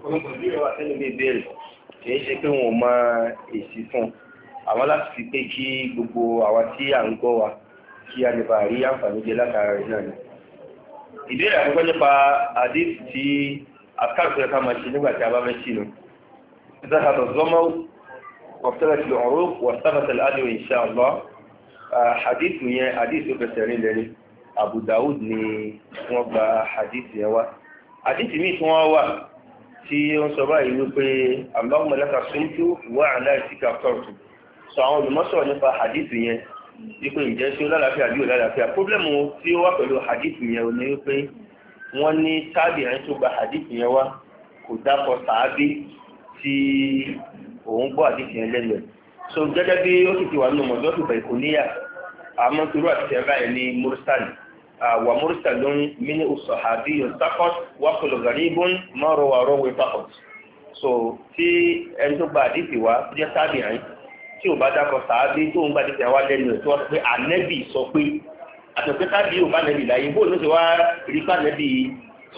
kì í ṣe pé wọn ò mọ èsì fún un àwọn láti fi pé kí gbogbo àwa tí à ń gbọ́ wa kí a lè bá rí àǹfààní jẹ látara rẹ̀ náà ni. ìbéèrè àkọ́kọ́ nípa àdéhùn tí akáàkiri ká máa ṣe nígbà tí a bá fẹ́ sínú. ذهب الظمأ وابتلت العروق واستغت الأدو إن شاء الله حديث yẹn حديث بسرين لني أبو داود ni wọ́n gba حديث yẹn wá. حديث mi tí wọ́n wà tí ó ń sọ báyìí wípé Allahumma laka sumtu wa ala ìsìkà kọ́ọ̀tù sọ àwọn olùmọ́sọ̀rọ̀ nípa hadith yẹn wípé ǹjẹ́ ṣé ó lálàáfíà bí ó lálàáfíà pọ́blẹ́mù tí ó wá pẹ̀lú hadith yẹn ò ní wípé wọ́n ní táàbì ẹni tó gba hadith yẹn wá kò dákọ̀ sàábí tí òun gbọ́ hadith yẹn lẹ́nu ẹ̀ so gẹ́gẹ́ bí ó sì ti wà nínú mọ̀jọ́ tó bẹ̀rẹ̀ àmọ́ torí àti wa mursalun mini usahabi sakot wa kullu gharibun maro wa rowe sakot so tí ẹni tó gba àdìsí wa jẹ́ sábìrin tí ò bá dákọ̀ sáábí tó ń gba àdìsí wa lẹ́nu ẹ̀ tí wọ́n sọ pé ànẹ́bì sọ pé àtọ̀pẹ́ sábì ò bá nẹ́bì láyé bó ló ṣe wá rí bá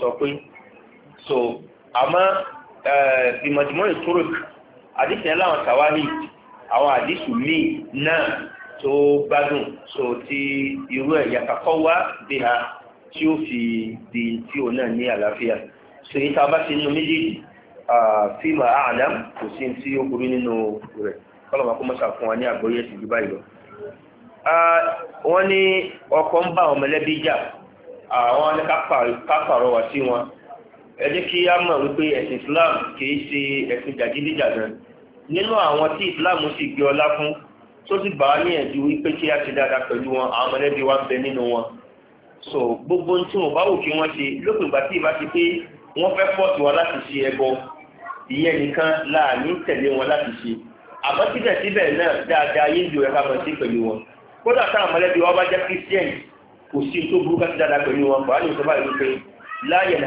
sọ pé so àmọ́ ìmọ̀jìmọ́ ìtúrò àdìsí ẹ̀ láwọn sàwárì àwọn àdìsí míì náà tó gbádùn so ti irú ẹ̀ yàtọ̀kọ́ wá bí ha tí ó fi di tí òun náà ní àlàáfíà so èyí tá a bá ti nínú méjèèjì fíìmù àádám kò sí tí ó burú nínú rẹ̀ kọ́lọ̀mà kó mọ́sà fún wa ní àgbóyè sí ju báyìí lọ. wọ́n ní ọkọ ń bá àwọn mọ̀lẹ́bí jà àwọn ní ká pàrọwà sí wọn ẹ jẹ́ kí á mọ̀ wípé ẹ̀sìn Islam kì í ṣe ẹ̀sìn jàgídíjàgan nínú àwọn tí Islam sì gbé ọlá fún tó sì bá ní ẹ̀dí wípé kí a ṣe dáadáa pẹ̀lú wọn àwọn mọ̀lẹ́bí wa ń bẹ nínú wọn so gbogbo tí wọn bá wù kí wọ́n ṣe lópin ìgbà tí ìbá ti pé wọ́n fẹ́ pọ̀tù wọn láti ṣe ẹbọ ìyẹn nìkan láàánú tẹ̀lé wọn láti ṣe àmọ́ síbẹ̀síbẹ̀ náà dáadáa yé ìlú ẹ̀ka mọ̀ sí pẹ̀lú wọn kódà táwọn mọ̀lẹ́bí wa bá jẹ́ christian kò sí tó burú ká ti dáadáa pẹ̀lú wọn bàá ní ìsọ́bà ìlú pé láyẹ̀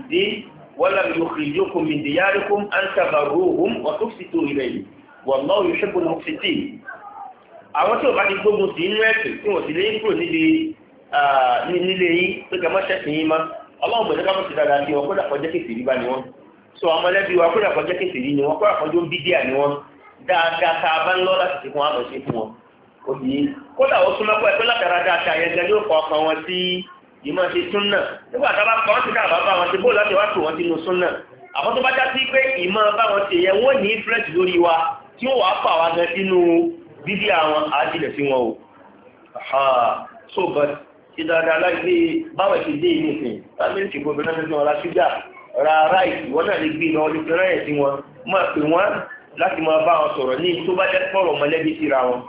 ní wala yukhrijukum min diyarikum an tabarruhum wa tuqsitu ilayhi wallahu yuhibbul muqsitin àwọn tí ó bá ti gbógun sí inú ẹ̀sìn tí wọ́n sì lè kúrò níbi nílé yín pé kẹ́ ṣẹ̀sìn yín mọ́ ọlọ́run bẹ̀rẹ̀ ká sí dáadáa sí wọn kódà kọjá kèsì rí bá ni wọ́n so àwọn ẹlẹ́bí wa kódà kọjá kèsì rí ni wọ́n kódà kọjá ń bí díà ni wọ́n dáadáa tá a bá ń lọ láti ṣe fún wa lọ ṣe fún wọn kódà ó súnmọ́ pẹ́ pé látara dáadáa yẹn gan yóò fọ ìmọ̀ ṣe súnà nígbà tá a bá kọ́ wọn ti ká àbá bá wọn ti bóòlù láti wá tò wọn sínú súnà àwọn tó bá já sí pé ìmọ̀ bá wọn ti yẹ wọ́n ní french lórí wa tí ó wàá fà wá gan sínú bíbí àwọn àjìnà sí wọn o so but ṣe dáadáa láìpé báwọn ti dé ìlú ìsìn family ti gbogbo náà fífi wọn la ṣúgà ra ráìsì wọn náà lè gbé iná ọdún fẹ́rẹ́ sí wọn máa pè wọn láti máa bá wọn sọ̀rọ̀ ní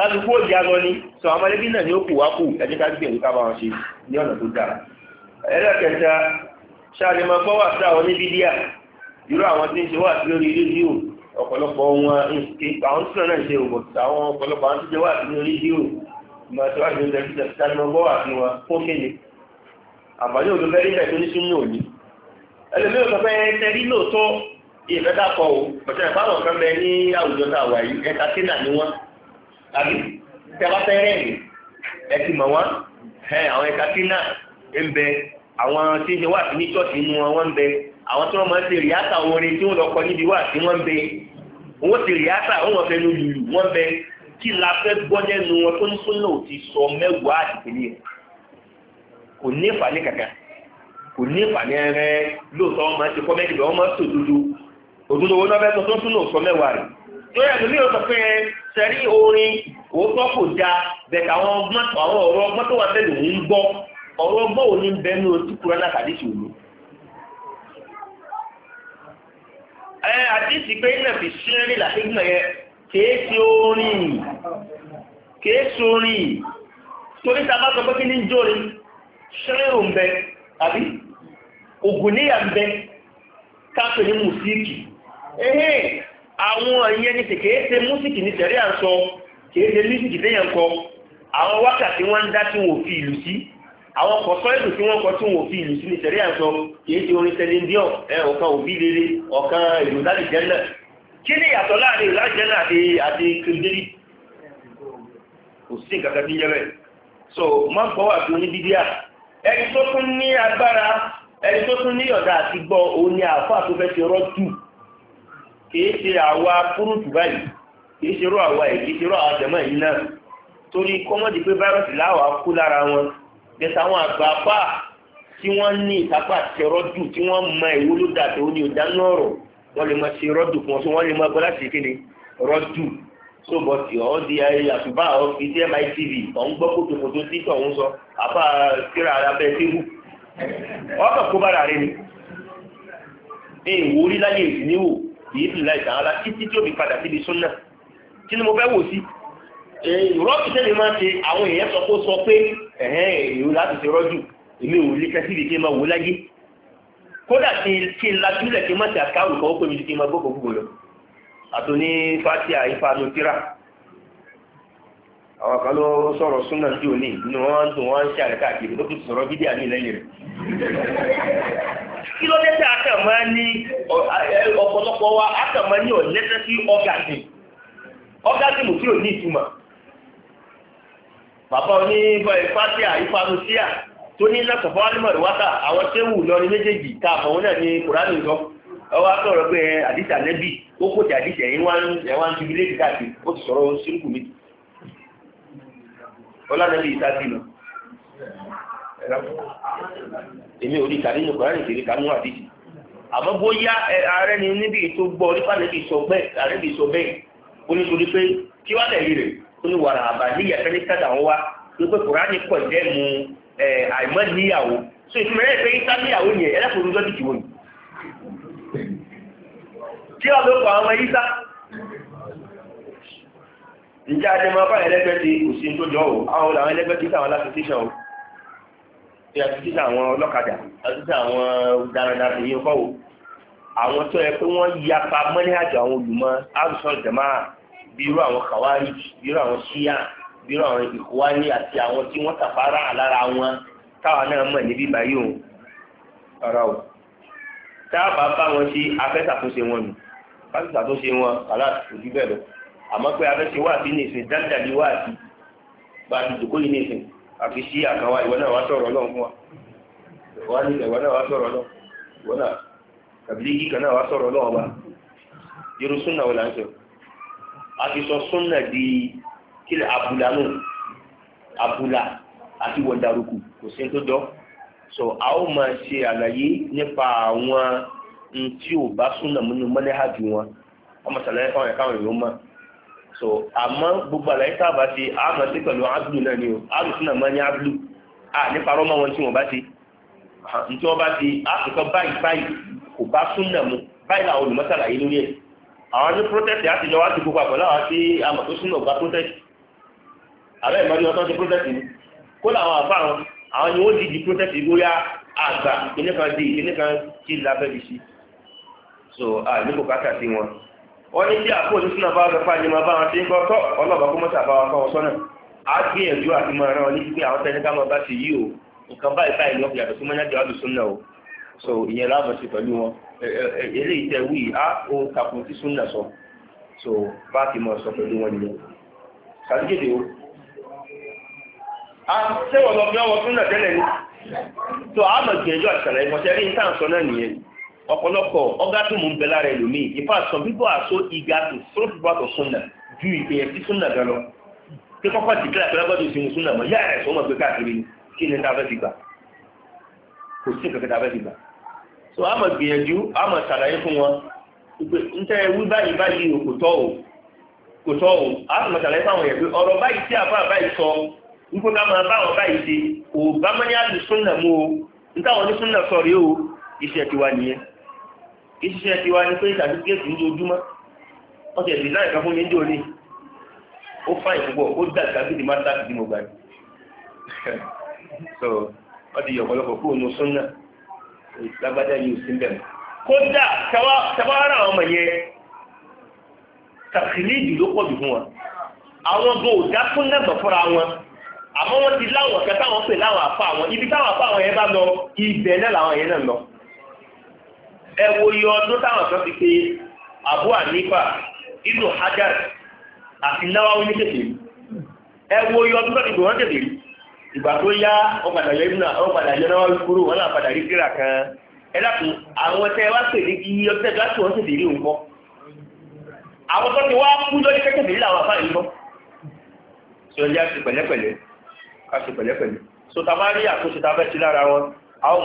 kálukú òjì agbọn ni sọ amọ̀lẹ́bí náà ni ó kù wá kù ẹjẹ́ ká gbìyànjú ká bá wọn ṣe ní ọ̀nà tó dára ẹlẹ́kẹta ṣáàlì máa gbọ́ wà sí àwọn níbi díà irú àwọn tí ń ṣe wà sí lórí rédíò ọ̀pọ̀lọpọ̀ wọn àwọn tí náà ṣe òbò àwọn ọ̀pọ̀lọpọ̀ àwọn tí ṣe wà sí lórí rédíò ìgbà tí wọ́n ṣe ń tẹ̀sí tẹ̀sí ṣáàlì máa gbọ́ wà sí wọn àbí tẹ́wọ́tẹ́ rẹ́ẹ̀lì ẹ ti mọ̀ wọ́n àwọn ẹ̀ka kínà ń bẹ àwọn tí ń wà ní ṣọ́ọ̀ṣì inú wọn wọ́n ń bẹ àwọn tí wọ́n máa ń ṣe rìáta orin tí wọ́n lọ kọ níbi wà tí wọ́n ń bẹ wọ́n wọ́n wọ́n wọ́n ń bẹ kí la fẹ́ gbọ́ lẹ́nu wọn tó ń náà ti sọ mẹ́wàá kò ní kankan kò ní lóòótọ́ wọn máa ń ṣe bẹ́ẹ̀ wọ́n máa ń ṣòdodo òdodo náà fẹ́ sọ tó ń náà sọ lórí ẹ̀dùn ní sẹ́rí orin òótọ́ kò já bẹ̀ẹ̀ àwọn ọ̀rọ̀ ọgbọ́n tó wà tẹ́lẹ̀ òun gbọ́ ọ̀rọ̀ ọgbọ́n òní ń ní ojú kúrọ́ náà tàbí ẹ pé fi làṣẹ́gbọ̀n kèé ṣe orin kèé ṣe orin torí sọ pé kí ní àwọn ìyẹn ní kèkéèsè músìkì ní tẹ̀rí àṣọ kèése músìkì téèyàn kọ àwọn wákàtí wọ́n ń dá tí wọ́n fi ìlú sí àwọn kọ̀ọ̀kọ́ èdè tí wọ́n kọ tí wọ́n fi ìlú sí ní tẹ̀rí àṣọ kèése orin díọ̀ ẹ ọ̀kan òbí rere ọ̀kan láti kí so kìí ṣe àwa fúrúùtù báyìí kìí ṣe ró àwa ẹ̀ kìí ṣe ró àwọn àjẹmọ́ yìí náà torí kọ́mọ́dé pé fáírọ́ọ̀sì láwàá kú lára wọn bẹ̀sẹ̀ àwọn àgbà apá tí wọ́n ní ìtàpá àti rọ́dù tí wọ́n mọ ìwó ló dà tó ní ọ̀dá náà wọ́n lè máa ṣe rọ́dù fún wọn tí wọ́n lè máa gbọ́ láti kéde rọ́dù tó ọ́ di àtúbà ọ́ fi sí mitv ọ̀hún gbọ́ kó tòkó tó títọ̀ ọ̀hún sọ àbá kíra abẹ́ tébù ọkọ̀ kó bára rẹ ni èèwò orí láyé ìdíníwò bí ibi láì sàrà títí tí ó fi padà síbi súnà kí ni mo fẹ́ wò sí rọ́ọ̀kì tẹ́lẹ̀ máa ṣe àwọn èèyàn sọ pé sọ pé ẹ̀hẹ́n èrò láti ṣe rọ́jù èmi ò lè kẹ́sí ìdíje máa wò láyé kódà kí kí n lajúlẹ̀ kí n má ṣe àkáwù kan ó pè mí kí n máa gbókò gbogbo lọ àtò ní fati àyífa nùtírà àwọn kan ló sọ̀rọ̀ súnà tí ò ní ìdùnnú wọn ń dùn wọn ń ṣe àrẹ káàkiri tó fi sọ̀rọ̀ bídíà ní ìlẹ́yìn kí ló dé tí a kàn máa ní ọ̀pọ̀lọpọ̀ wa a kàn máa ní ọ̀lẹ́sẹ̀ sí ọ́gàdì ọ́gàdì tí ò ní ìtumọ̀ bàbá oní ìfásíà ìfàmùsíà tó ní lọ́sọ̀fọ́ alimọ̀rì wáta àwọn tẹ́wù lọ́rin méjèèjì tá a wọn náà ní kùránì lọ ọwọ́ pé ànẹ́bì ó kò tí wá ń ìtàkì lọ. èmi ò rí ka nínú kòránì kiri kanú àdìsí àmọ́ bóyá ààrẹ ni níbi tó gbọ́ nípa níbi sọ bẹ́ẹ̀ ààrẹ bí sọ bẹ́ẹ̀ ó ní torí pé ní wàrà àbá níyà fẹ́ ní àwọn pé kòránì pọ̀ jẹ́ mu àìmọ́ so rẹ̀ pé ìta níyàwó yẹn ẹlẹ́kùn ojú ọdún kí wàá àwọn ọmọ ǹjẹ́ adé tí a ti sí àwọn ọlọ́kadà a ti sí àwọn darandaran yìí kọ́ wò àwọn tó yẹ pé wọ́n yapa mọ́níhàjọ àwọn olùmọ̀ arúsọ jama bí irú àwọn kawari bí irú àwọn ṣíà bí irú àwọn ìkúwálé àti àwọn tí wọ́n tàfárà lára wọn táwa náà mọ̀ níbí báyìí o ọ̀rọ̀ o táàbà bá wọn ṣe afẹ́sàtúnṣe wọn nù afẹ́sàtúnṣe wọn kàlá òjú bẹ́ẹ̀ lọ àmọ́ pé afẹ́ṣe wà sí nìsín dáńdàbí wà sí gbàdúgbò yìí nìsín àfi sí àkàwà ìwọ náà wá sọ̀rọ̀ ọlọ́run fún wa wá naa wa náà wá sọ̀rọ̀ wa a ti sọ di àti wọ̀ndàrúkù kò sí tó dọ́ so a ó máa ṣe àlàyé nípa àwọn tí ò bá súnà múnú mọ́lẹ́hàjù wọn ọmọ sàlàyé fáwọn ẹ̀ka máa so àmọ́ gbogbo àlàyé sábà ṣe àmọ́ sí pẹ̀lú ábùlù náà ni o ábùsùn náà máa ní ábùlù à nípa rọ́mọ wọn tí wọ́n bá ṣe tí wọ́n bá ṣe àtúntò báyìí báyìí kò bá súnà mu báyìí làwọn olùmọ́sàlàyé lórí ẹ̀ àwọn ní protest àti ìjọba ti gbogbo àpọ̀ láwọn sí àmọ̀ tó súnà ọ̀gá protest àbẹ́ ìmọ̀lẹ́ wọn tó ń ṣe protest ni kó làwọn àfa àwọn àwọn ni wọ́n di di protest ìgbóyà àgbà ìpínlẹ̀ kan di ìpínlẹ̀ kan kí lábẹ́ bí sí so àìníkò káàkiri wọn wọ́n ní bí àpò òṣìṣẹ́ náà bá wọn fà ní bá wọn ń gbọ́ tọ́ kó bá wọn kọ́ ọ ní pípé àwọn tẹ́lẹ̀ káwọn bá yí o nǹkan báyìí báyìí ni wọ́n fi yàtọ̀ sí mọ́nyájú náà o so ìyẹn láàmú sí pẹ̀lú wọn eléyìí wí á o sí sọ so bá ti mọ̀ sọ pẹ̀lú wọn nìyẹn a ọ̀pọ̀lọpọ̀ ọ̀gádùnmù ń bẹ lára ẹlòmíì ìfà some people are so eager to throw people out of sunna ju ìpèyẹ sí sunna gan lọ pé kọ́kọ́ ti kíláàsì lágbọ́dọ̀ sí mu sunna mọ́ yára ẹ̀sọ́ mọ̀ pé káàkiri ni kí ni ta fẹ́ ti gbà kò sí kankan ta fẹ́ ti gbà so àmọ̀ gbìyànjú àmọ̀ sàlàyé fún wọn pé n tẹ́ wí báyìí báyìí o kò tọ́ o kò tọ́ o àmọ̀ sàlàyé fáwọn yẹn pé ọ̀rọ̀ báyìí tí àbá báyìí sọ wípé ká máa báwọn báyìí ṣe kò bá mọ́ ní àlùsùn náà mú o n táwọn onísùn náà sọ rí o iṣẹ́ tiwa nìyẹn iṣẹ́ tiwa ní pé sàtífíkẹ́tì ń dojúmọ́ wọ́n ti ẹ̀sìn láìka fún mi ní ó fáyìn púpọ̀ ó dà sàtífíkẹ́tì máa sáà fìdí mo gbà ní. so wọ́n ti yọ ọ̀pọ̀lọpọ̀ kúrò ní oṣù náà lágbájá yìí ò sí bẹ́ẹ̀ mọ́. kódà tàbára àwọn ọmọ yẹn tàkìlíìdì ló pọ̀ jù fún wa àwọn gan ò dá fún náà fúnra wọn àmọ́ wọ́n ti láwọn kẹta wọn pè láwọn àfa àwọn ibi táwọn àfa àwọn yẹn bá lọ ibẹ̀ náà làwọn yẹn náà lọ. Ewu wo iye ọdún táwọn kan fi pé Abu Hanifa Ibn Hajar àti Nawawi Ewu tètè ẹ wo ọdún tó ti ìgbà tó yá ọ̀padà yọ ibùnà ọ̀padà yọ Nawawi kúrò wọn làpadà rí kíra kan ẹ àwọn tẹ wá pè ní iye ọdún tẹ wọn nǹkan àwọn tó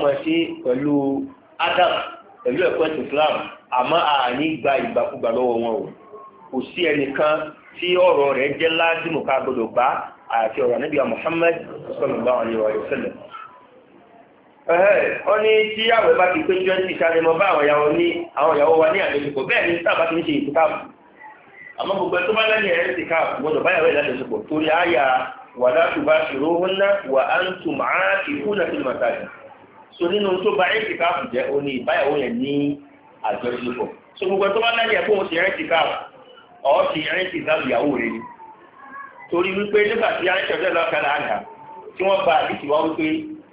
ti wá lára pẹ̀lú ẹ̀kọ́ fulani Islam àmọ́ àní gba ìgbàkúgbà lọ́wọ́ wọn o kò sí kan tí ọ̀rọ̀ rẹ̀ jẹ́ lázìmù ká gbọdọ̀ gbá àti ọ̀rọ̀ níbi Muhammad sallallahu alaihi wa sallam. ní tí bá ti pé twenty sáré mọ́ bá àwọn ìyàwó wa ní bẹ́ẹ̀ ni sábà ti ń ṣe ìtìkáàbù àmọ́ gbogbo bá lẹ́yìn gbọdọ̀ torí àyà so nínú tó ba ẹtìkáàfù jẹ ó ní ìbáyàwó yẹn ní àjọṣepọ̀ so gbogbo tó bá lẹ́yìn ẹ̀kọ́ òun ti ẹtìkáàfù ọ̀ ti ẹtìkáàfù ìyàwó rẹ ni torí wípé nígbà tí aṣọ́jọ́ lọ́kàlà àná tí wọ́n gba àdìsí wá wípé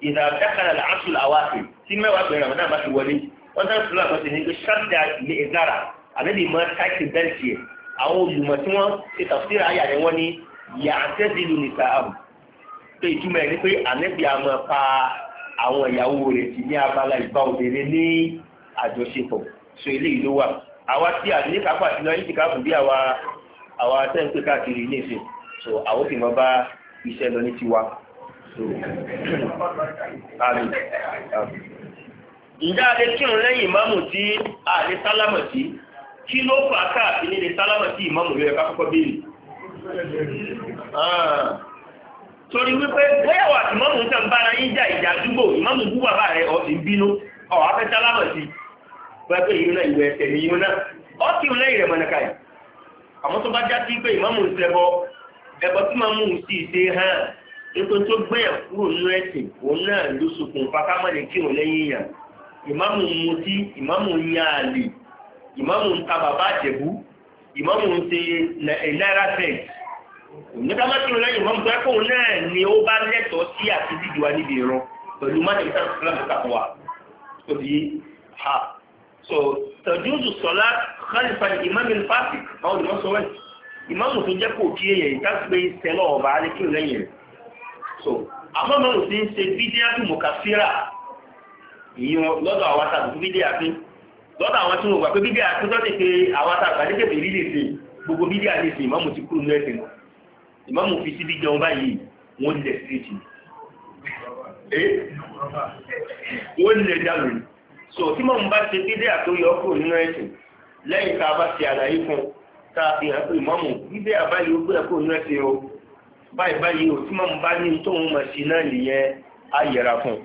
ìdá dákàlà làásù làwọn àṣẹ tí mẹ́wàá bẹ̀rẹ̀ àwọn náà bá ti wọlé wọ́n tẹ́lẹ̀ tó làkọ́sí ní pé ṣáàtì ilé ìzára àbẹ́bí mọ́ táìtì bẹ́ǹtì ẹ̀ àwọn olùmọ̀ tí wọ́n ṣe tàfsírà ayà ni wọ́n ní yàtẹ́sílù nìta àrùn pé ìtumọ̀ ẹ̀ ní pé ànẹ́bí àmọ́ pa àwọn ìyàwó rẹ̀ ti ní abala ìbá obìnrin ní àjọṣepọ̀ so eléyìí ló wà àwa tí a ní kápá àti lọ yíkì káàkùn bí àwa àwa tẹ́ ń pè káàkiri ní ìsìn so àwọn sì mọ bá iṣẹ́ lọ ní tiwa so àmì ǹjẹ́ a lè kírun lẹ́yìn ìmáàmù tí a lè sálámọ̀ sí kí ló fà á káàkiri lè sálámọ̀ sí ìmáàmù lóyẹ ká kọ́kọ́ torí wípé bóyá wà tí mọ́mù tẹ̀ ń bára yín jà ìjà àdúgbò ìmọ̀mù bú bàbá rẹ̀ ọ̀ sì ń bínú ọ̀ afẹ́sẹ́ alámọ̀ sí pẹ́pẹ́ ìlú náà ìwẹ̀ ẹ̀sẹ̀ nìyí náà ọ́ sì ń lẹ́yìn rẹ̀ mọ̀nàkà yìí àmọ́ tó bá já sí pé ìmọ̀mù ń sẹ́bọ ẹbọ tí mọ̀mù sì ṣe hàn ètò tó gbẹ̀yàn kúrò nínú ẹ̀sìn òun náà ló sokùn fakámọ́lé kí òun lẹ́yìn yàn ìmọ̀mù ń mutí ìmọ̀mù ń yan àlè ìmọ̀mù ń ta bàbá àjẹ̀bú ìmọ̀mù ń ṣe náírà fẹ́ẹ̀sì nígbà má kírun lẹ́yìn mọ́mú tó kóun náà ni ó bá lẹ́tọ̀ọ́ sí àti dídì wa níbi ìran pẹ̀lú mọ́tò ìta ìsìlámù tó kàkọ́ wa tó di ha so tajuzu sọlá khalifa ìmáàmù fásitì àwọn ìmọ̀ sọ wẹ́ẹ̀ ìmáàmù tó jẹ́ kó kí èèyàn ìta pé sẹ́lọ̀ ọ̀bà á lè kírun lẹ́yìn rẹ̀ so àmọ́ mọ́mù ti ń ṣe bídíà tó mọ̀ káfíra ìyẹn lọ́dọ̀ àwọn àtàkùn bídíà fi lọ́dọ̀ àwọn tí wọ́n gbà pé bídíà tó tọ́ ìmáàmù fi síbi jẹun báyìí wọ́n lẹ̀ síríjì eh? wọ́n lẹ̀ dànù so tí mọ̀mù bá ṣe bídé àtòyọ kúrò nínú ẹ̀sìn lẹ́yìn tá a bá ṣe àlàyé fún tá a fi hàn pé ìmáàmù bídé àbáyé ó gbé ẹ̀kọ́ nínú ẹ̀sìn o báyìí báyìí o tí mọ̀mù bá ní tóun mọ̀ sí náà nìyẹn á yẹra fún un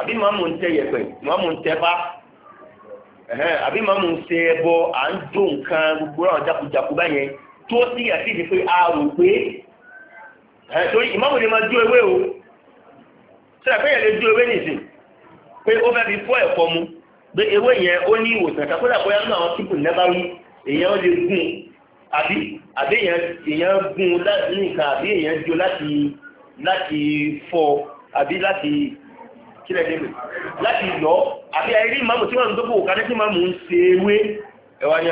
àbí mọ̀mù ń tẹ yẹ̀pẹ̀ mọ̀mù ń tẹ bá àbí mọ̀mù ń ṣe ẹbọ à ń dó nǹkan gbogbo àwọn jákujàku báyẹn tó sì àti ìdí pé a rò pé ẹ̀ torí ìmáàmù ni máa ju ewé o sílẹ̀ pé yẹn lè ju ewé nìsín pé ó fẹ́ fi fọ́ ẹ̀fọ́ mu pé ewé yẹn ó ní ìwòsàn kan kódà bóyá nínú àwọn pípù nẹ́bà wí èèyàn lè gún àbí àbí èèyàn gún láti nìkan àbí èèyàn jó láti láti fọ́ àbí láti kílẹ̀ débè láti yọ àbí àìrí ìmáàmù tí wọ́n ń dókòwò kan tí ìmáàmù ń ṣe ewé ẹ̀wà ni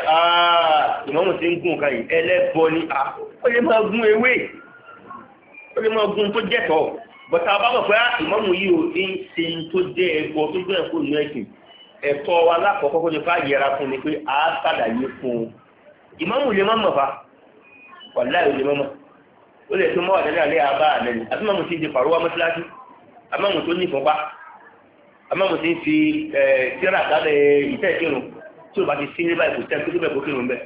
ìmáàmù ti ń gún kan yìí ẹlẹ́bọ ni ó lè máa gún ewé ó lè máa gun tó jẹ́ tọ́ bọ̀tà bá bọ̀ pé ah, ìmọ̀mù yìí ò ní ṣe tó jẹ́ ẹ̀kọ́ tó jẹ́ ẹ̀kọ́ nínú ẹ̀sìn ẹ̀tọ́ wa lákọ̀ọ́kọ́ kó ní ká yẹra fún ni pé a ṣàlàyé fún un ìmọ̀mù lè má mọ̀ fa wàláì ò lè má mọ̀ ó lè tó mọ́ àdánilẹ́ alẹ́ àbá àlẹ́ ni àbí mọ̀mù ti di pàrọwà mọ́síláṣí àmọ́mù tó ní ìfọ̀pá àmọ́mù ti fi tíra àkálẹ̀ ìtẹ́ ìkírun tí o bá ti sí níbàyìí kò tẹ́ kó tó bẹ̀ kó kírun bẹ̀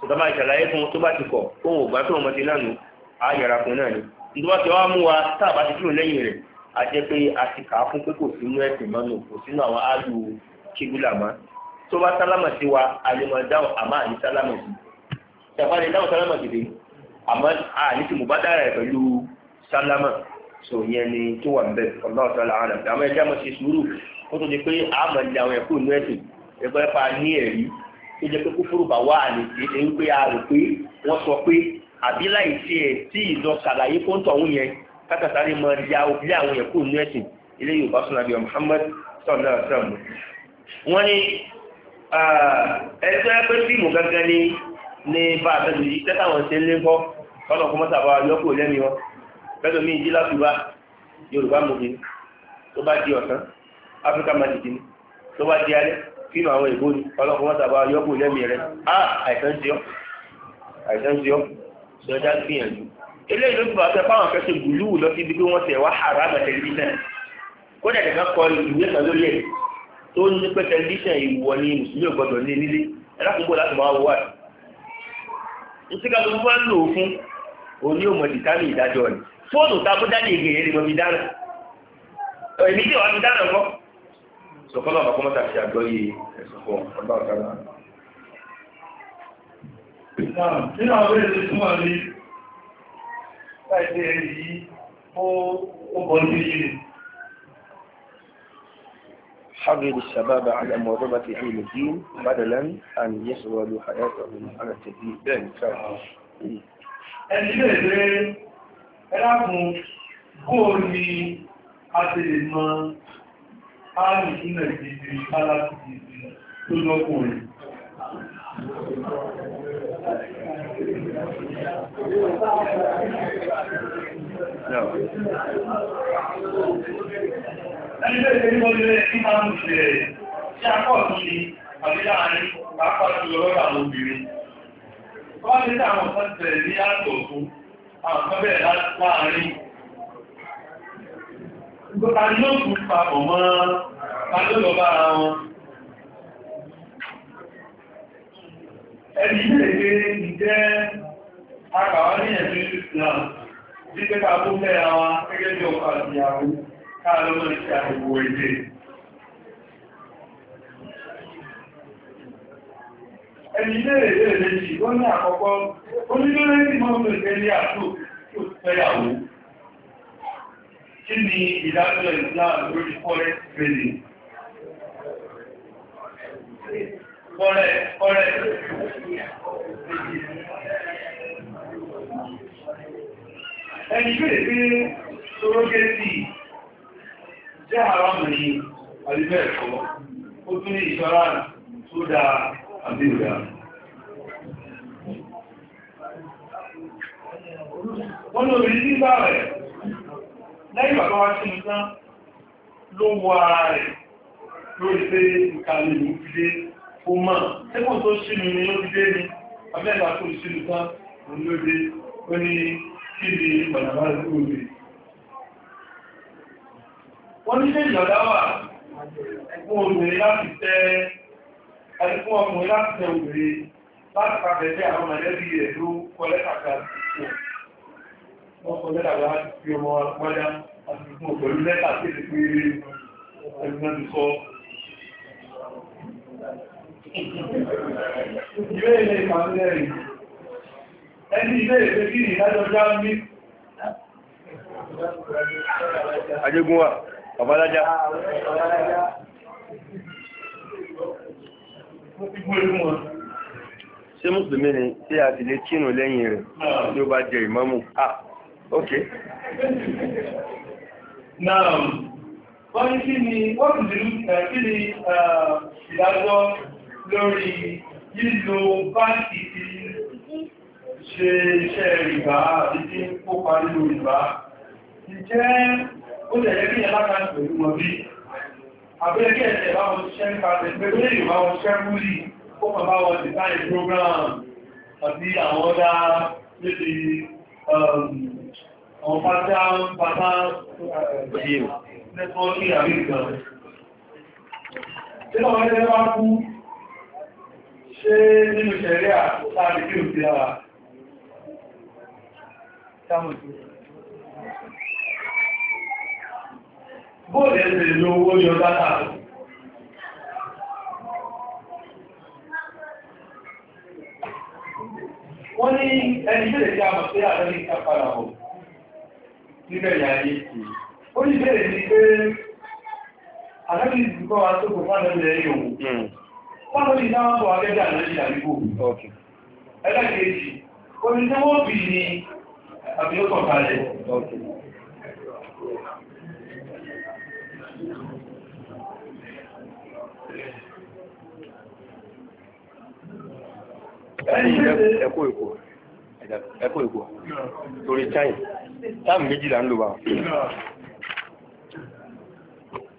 sọ̀tàbá ìṣàlàyé fún tó bá ti kọ̀ kó òògbà tó ọmọ á fún náà ni ìjọba tí wàá mú wa tá a bá ti kírun lẹ́yìn rẹ̀ a jẹ́ pé a ti kà á fún pé kò sínú ẹ̀sìn mọ́ nù kò sínú àwọn áàlù kíbúlà mọ́ tó bá sálámà sí wa a lè máa dáhùn àmọ́ àní sálámà sí ṣàpá lè dáhùn sálámà sí àmọ́ àní tí mo bá dára ẹ̀ pẹ̀lú sálámà so yẹn ni tó wà níbẹ̀ ọlọ́ọ̀tọ́ làwọn àmọ́ ẹ̀jẹ̀ àmọ́ ṣe sùúrù kó tó di pé àmọ́ ilé àwọn ẹ̀kọ́ inú ẹ̀sìn ẹgbẹ́ pa ní ẹ̀rí tó jẹ́ pé kúfúrú bá wà ní ṣe é wípé a rò pé wọ́n sọ pé àbí láì ṣe ẹ̀ tí ìlọ ṣàlàyé kó ń tọ̀ ọ̀hún yẹn kákàtà lè mọ ya òbí àwọn yẹn kó nú ẹ̀sìn ilé yorùbá sọ̀rọ̀ àbí Muhammad sọ̀rọ̀ náà wọn ni ẹjọ́ pé fíìmù gángan ni ní bá a bẹ̀rù yìí tẹ́tàwọn ṣe ń lé kọ́ kọ́nà kó mọ́tà bá yọkù lẹ́mi wọn bẹ́ẹ̀ mi ìdí látùbá yorùbá mòbí ni tó bá di ọ̀sán áfíríkà májèjì ni tó bá di alẹ́ fíìmù àwọn èbó ni kọ́nà kó mọ́tà yọkù lẹ́mi rẹ̀ á àìsàn ṣe ọ́ àìsàn ṣe ọ́ lọ́jà gbìyànjú eléyìí ló fi bàtà fáwọn akẹ́kọ̀ọ́ gbùlúù lọ síbi pé wọ́n tẹ̀ wá haram tẹlifíṣàn kódà nìkan kọ ìwé kan lórí ẹ̀ tó ní pé tẹlifíṣàn ìwọ ni mùsùlùmí gbọdọ̀ ní nílé ẹlẹ́kùnkùn láti máa wọ́ àti. nsíkà ló máa ń lò ó fún òní òmò ìdáná ìdájọ́ rẹ̀ fóònù tá a bó dání ìgbè yẹn ni mo fi dáná èmi tí wàá fi dáná kọ́ sọ̀kọ́ Nínú àwọn èdè tí wọ́n rí láìsí ẹ̀rí yìí ó bọ̀ ní ilé. حرر الشباب على مواظبة علم الدين بدلا أن يشغلوا حياتهم على التدين ذلك. Ẹ̀lẹ́gbẹ̀rẹ̀ ẹ̀lákùn kóò ní a ti lè mọ ààrùn ìsúnlẹ̀ ìdìdì alákùn ìdìdì tó lọ́kùnrin. Ẹgbẹ́ ìgbẹ́ ìgbẹ́ ìgbẹ́ ìgbẹ́ tí a kọ́ ọ̀tún ni àbí láàrin pàápàá tí lọ́rọ̀ àwọn obìnrin. Wọ́n ní àwọn ọ̀sán tẹ̀lé ní àtọ̀ fún àwọn ọ̀sán bẹ̀rẹ̀ láàrin. Gbọ́ta ni ó kú papọ̀ mọ́ adọ́lọ́bá ara wọn. Ẹni ilé ìgbé ìjẹ́ àkàwà ní ẹ̀sùn islam bí pẹ́ta tó fẹ́ àwọn gẹ́gẹ́ bí ọkọ̀ àti ìyàwó káàlọ́mọ̀ sí àgbò èdè ẹni lẹ́rẹ̀ lẹ́rẹ̀ lẹ́jì wọ́n ní àkọ́kọ́ onílẹ́rẹ́ tí mọ́ mú ìtẹ́lẹ̀ ẹni bèèrè pé sorogẹ́tì jẹ́ àrámù ní àríbẹ̀ ẹ̀kọ́ ó tún ní ìṣọ́ra tó dáa àbí ìdá wọ́n lórí nígbà rẹ̀ lẹ́yìn bàbá wá sí nìkan ló wọ rẹ̀ lórí pé ìkàlẹ̀ ìlú fi dé ó mọ̀ tẹ́kùn tó sínú ni ó ni abẹ́ta tó sínú tán ló níbi ìpàdàbà ìlú rẹ̀. Wọ́n ní lè yọ̀dáwà ẹ̀kún obìnrin láti tẹ́ ẹ̀kún ọkùnrin láti tẹ́ obìnrin láti pàtẹ́ sí àwọn mẹ̀lẹ́bí rẹ̀ ló kọlẹ́kàkà Wọ́n kọ lẹ́tàgbà láti fi ọmọ apájá àti fún pẹ̀lú lẹ́tà sí ti pé ẹgbẹ́ ti sọ. Ìwé ilé ìpàdé rẹ̀ ẹni ilé ìwé kí ìdájọ́ já ń bí. Ajégún wa, Babalájá. Ṣé Mùsùlùmí ni tí a ti lè kírun lẹ́yìn rẹ̀ tí ó bá jẹ ìmámù? Ah, ok. Náà, wọ́n ní kí ni wọ́n sì lè kí ni ìdájọ́ lórí lílo báńkì ti ṣe iṣẹ́ rìbá ìdí kópa nínú rìbá ìjẹ́ ó lè ẹgbẹ́ yẹn lára pẹ̀lú wọn bí abẹ́ẹ̀kẹ́ ẹ̀sẹ̀ bá wọn ṣẹ́ ń pàtẹ pẹ̀lú èyí bá wọn ṣẹ́ múlì ó mọ̀ bá wọn design program àti àwọn ọ̀dá níbi um, àwọn pátá pátá nẹ́tọ́ọ̀kì àríkà tí wọ́n ẹgbẹ́ bá kú ṣe nínú ṣẹ̀rẹ́ àtàrí kí ò sí ara Bóòlù ẹ̀sẹ̀ ló owó yọ dátà. Wọ́n ní ẹni bẹ̀rẹ̀ tí a mọ̀ sí àtẹ́lẹ̀ ìkàpàdà bọ̀ níbẹ̀ yàáyé. Ó ní bẹ̀rẹ̀ ní pé àtẹ́lẹ̀ ìdúkọ́ wa tó kò fánàlẹ̀ yòó. Fánàlẹ̀ ìdáwọ́ àbí ó kàn kalẹ̀. ẹ̀kọ́ èkó ẹ̀kọ́ èkó torí china táàmù méjìlá ń lò wá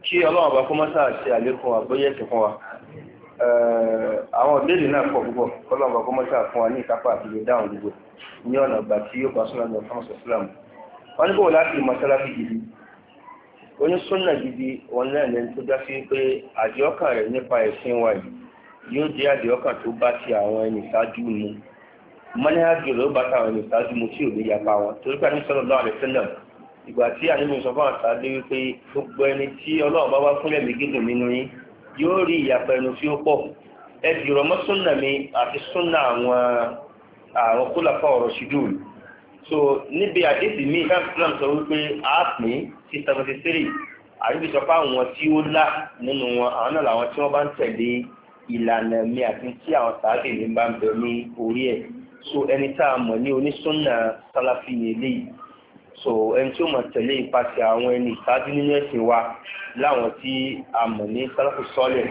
kí ọlọ́run ọba àlékún ẹ̀sìn fún wa àwọn náà pọ̀ púpọ̀ fún wa ní ìkápá àti ìdáhùn gbogbo ní ọ̀nà ìgbà tí yóò pàṣẹ lọ́nà Muhammad islam wọn ní bò láti mọ́sálásí gidi gidi wọn náà lẹni tó dá sí pé àdìọ́kàn rẹ̀ nípa ẹ̀sìn wa yìí yóò jẹ́ àdìọ́kàn tó bá ti àwọn ẹni ìṣáájú mu mọ́níhàjò ló bá tàwọn ẹni ìṣáájú mu tí ò ní yapa wọn torí pé àníṣe ọlọ́run àrẹ sílẹ̀ ìgbà tí àníṣe sọ fún àtàdé wípé gbogbo ẹni tí ọlọ́run bá wá gígùn nínú yín yóò rí ìyapa ẹnu tí ó pọ̀ ẹ dìrọ̀ mọ́ súnà mi àwọn kólàfà ọ̀rọ̀ ṣùdùn so níbi àdéhì mi islam sọ wípé a pín sí seventy three àríbi sọ pé àwọn tí ó là nínú wọn àwọn náà làwọn tí wọ́n bá ń tẹ̀lé ìlànà mi àti tí àwọn sàádé mi bá ń bẹ ní orí ẹ̀ so ẹni tá a mọ̀ ní onísùnnà sálàfí eléyìí so ẹni tí ó mọ̀ tẹ̀lé ipasẹ̀ àwọn ẹni ìsáájú nínú ẹ̀sìn wa láwọn tí a mọ̀ ní sálàfù sọ́lẹ̀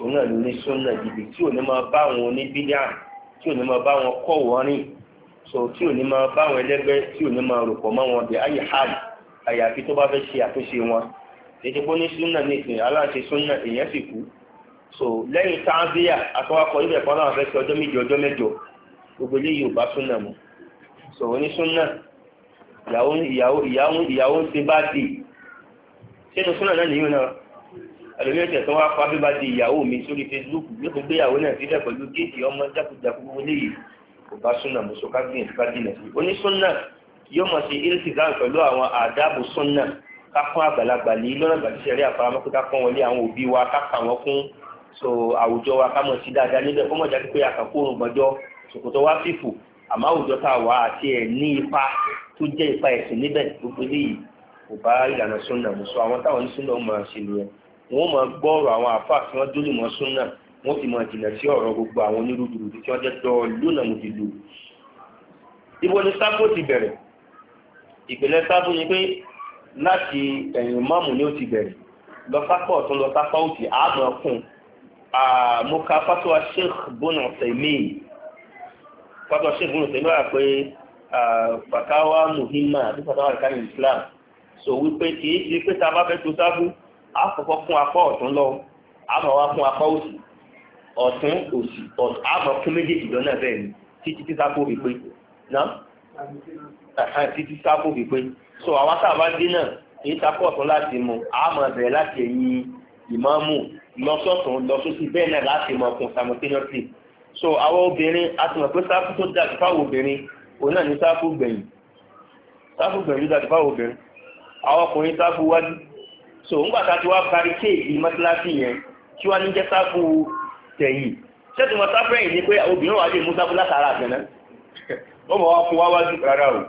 òun náà ní sùnnà gidi tí ò ní máa bá àwọn oníbílíọ̀nù tí ò ní máa bá wọn kọ́ wọ́n rìn so tí ò ní máa bá wọn ẹlẹ́gbẹ́ tí ò ní máa rò pọ̀ mọ́ wọn bí ayé hàn àyàfi tó bá fẹ́ ṣe àtúnṣe wọn ètò ìpóní súnà ní ìsìn aláǹṣe súnà èèyàn sì kú so lẹ́yìn táàbíyà akọ́wakọ ibẹ̀ kan náà fẹ́ ṣe ọjọ́ méje ọjọ́ mẹ́jọ gbogbo eléyìí ò bá súnà mu so oní súnà ìyàwó ìyàwó ìyàwó ń ṣe bá dì sínú súnà náà nìyí náà ẹlòmíì ọ̀sẹ̀ tó wá pa bí ba di ìyàwó mi sórí Facebook lóko gbéyàwó náà sílẹ̀ pẹ̀lú géètì ọmọ jákujàku wọlé yìí kò bá súnà mọ̀ sọ́ká gbìyànjú ká dìnà sí. onísúnà yóò mọ̀ sí irisigan pẹ̀lú àwọn àdáàbò súnà ká fún àgbàlagbà ní lọ́nà gbàdúṣẹ́rí àfaramọ́ pé ká fún wọlé àwọn òbí wa ká kà wọ́n fún so àwùjọ wa ká mọ̀ sí dáadáa níbẹ̀ kó mọ̀ jáde pé àkàkó wọ́n máa gbọ́ọ̀rọ̀ àwọn àfáà tí wọ́n dólè mọ́ súnà wọ́n ti máa jìnà sí ọ̀rọ̀ gbogbo àwọn onírúurú tí wọ́n jẹ́ dọ́ọ̀ lónà mo ti lò. ibo ni sábò ti bẹ̀rẹ̀ ìpìlẹ̀ sábò ni pé láti ẹ̀yìn mọ́ọ̀mù ni ó ti bẹ̀rẹ̀ lọ́sápọ̀ ọ̀tún lọ́sápọ̀ òsì àmọ́ fún mo ka fatuwa sheikh bono sèmi fatuwa sheikh bono sèmi wà pé fatawa muhimma àti fatawa ìkànnì islam so wípé kì í ṣe pé tá bá fẹ́ tó sábò àkọ́kọ́ fún apá ọ̀tún lọ àmọ́ wá fún apá òsì ọ̀tún òsì àmọ́ fún méjèèjì lọ́nà bẹ́ẹ̀ ni títí tí sáfò fi pé náà títí sáfò fi pé so àwa tá a bá dé náà èyí sáfò ọ̀tún láti mu àmọ́ bẹ̀rẹ̀ láti ẹ̀yìn ìmáàmù lọ́sọ̀tún lọ́sọ̀tún bẹ́ẹ̀ náà láti mọ̀ ọkùn simultaneously so àwọn obìnrin a ti mọ̀ pé sáfù tó dàbí fáwọn obìnrin òun náà ní sáfù gbẹ̀yìn sáfù gbẹ̀yìn dàbí fáwọn obìnrin àwọn ọkùnrin sáfù wájú so ńgbà tá a ti wá barricade mọ́sálásí yẹn kí wọ́n ní jẹ́ tẹ̀yìn ṣẹ́tù mọ́ sáfù ẹ̀yìn ni pé obìnrin wà lè mú sáfù látara àgbẹ̀nà wọ́n mọ̀ wá kó wá wájú rárá o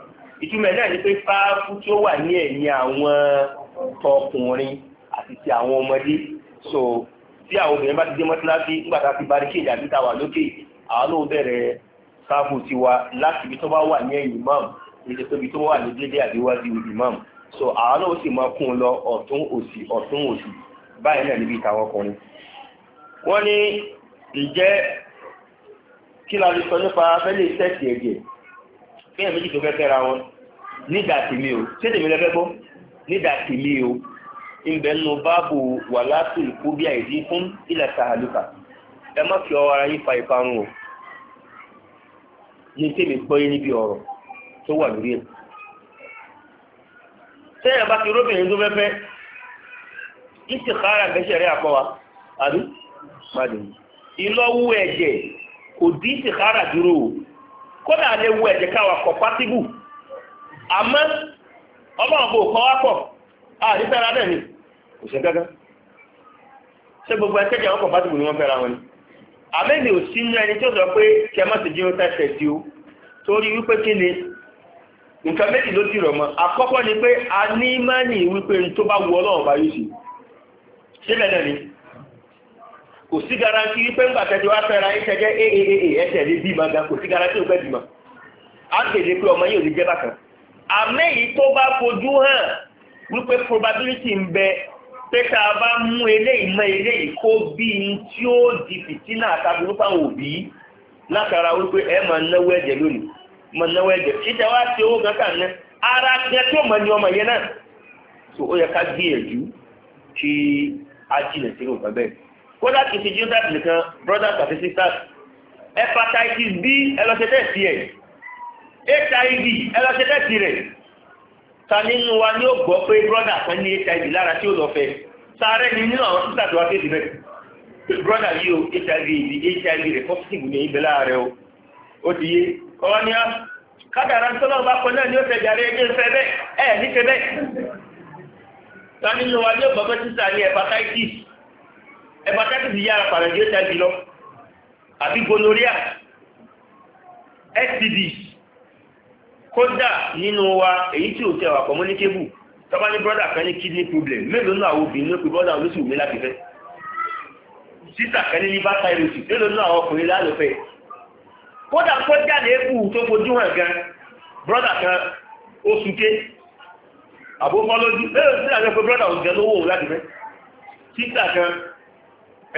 ìtumọ̀ náà ni pé sáfù tí ó wà ní ẹ̀yìn àwọn àti ti so tí àwọn obìnrin bá ti dé a ti barricade lókè àwọn bẹ̀rẹ̀ sáfù tiwa láti ibi so àwọn náà ó sì mọ kún un lọ ọ̀tún òsì ọ̀tún òsì báyìí náà níbi ìtàwọn ọkùnrin wọ́n ní ǹjẹ́ kí la lè sọ nípa abẹ́lé sẹ́ẹ̀sì ẹ̀jẹ̀ kí èèyàn méjì tó fẹ́ fẹ́ra wọn nígbà tèmi o ṣé tèmi lẹ́fẹ́ gbọ́ nígbà tèmi o ìbẹ̀ nù báàbù wà látò ìkóbi àìdí fún ilẹ̀ sàhálùkà ẹ má fi ọwọ́ ara yín fa ìparun o ní tèmi gbọ́ yé níbi ọ̀rọ̀ tó wà lórí ẹ̀ sẹ́yìn bá ti róbìnrin tó fẹ́fẹ́ ìsì kára gẹ́sẹ̀ rẹ̀ wa ìlọ́wú ẹ̀jẹ̀ kò dí ìsì kára dúró kódà lè wú ẹ̀jẹ̀ káwà kọ̀ pátíbù àmọ́ ọmọ kò kọ́ pọ̀ àti fẹ́ra náà ni kò gángan ṣé gbogbo pátíbù ni wọ́n fẹ́ra wọn ni àmẹ́ni ò sí ní ẹni sọ pé ó tẹ̀sẹ̀ ni nǹkan méjì ló dìrọ̀ mọ́ àkọ́kọ́ ni pé a ní mẹ́ni wípé tó bá wu ọlọ́run bá ni kò sí garanti wípé wá fẹ́ra ẹ̀ṣẹ̀ jẹ́ aaa ẹ̀ṣẹ̀ kò sí garanti ó fẹ́ bí mà á pé ọmọ lè jẹ́ àmẹ́yìí tó bá fojú hàn wípé probability ń bẹ pé tá a bá mú eléyìí mọ eléyìí kó bí n tí ó di fìtínà àtàbí wípé àwọn òbí látara wípé ẹ máa mọ̀ náwó ẹ̀jẹ̀ ìjà wa ti owó gan kàn ní ara gan tí ó ní ọmọ yẹn náà so ó yẹ ká gbìyànjú kí a jìnà sí nǹkan bẹ́ẹ̀ kódà kì í ṣe joseph nìkan brothers àti sisters hepatitis b ẹ lọ ṣe tẹ́sí ẹ̀ hiv ẹ lọ ṣe tẹ́sí rẹ̀ ta nínú wa ni ó gbọ́ pé brother kan ní hiv lára tí ó lọ fẹ́ sáré ni nínú àwọn sisters tí wọ́n kéde bẹ́ẹ̀ brother yìí o hiv hiv rẹ̀ positive ní ibẹ̀ láàárẹ̀ o ó ti yé ọ̀rọ̀ a, ọ́ kádàrá tó náà bá náà ni ó fẹ́ ẹgbẹ́ ń fẹ́ bẹ́ẹ̀ ẹ̀ ní ṣe bẹ́ẹ̀. ni ló wa ní ọgbàgbọ́ sísá hepatitis hepatitis yára pàrọ̀ ní HIV lọ àbí gonorrhea STD kódà nínú wa èyí tí ò tẹ wà communicable tọ́ba ní brọ́dà kan ní kidney problem mélòó náà àwọn obìnrin ló pe brọ́dà olóṣù mi láti fẹ́ kan ní liver cirrhosis mélòó kódà tó jáde ékù tó fojú hàn gan brọ́dà kan ó súnké àbúkọ́ lójú ẹ̀rọ sí àjọ pé brọ́dà òjẹ́ lówó òun láti fẹ́ títà kan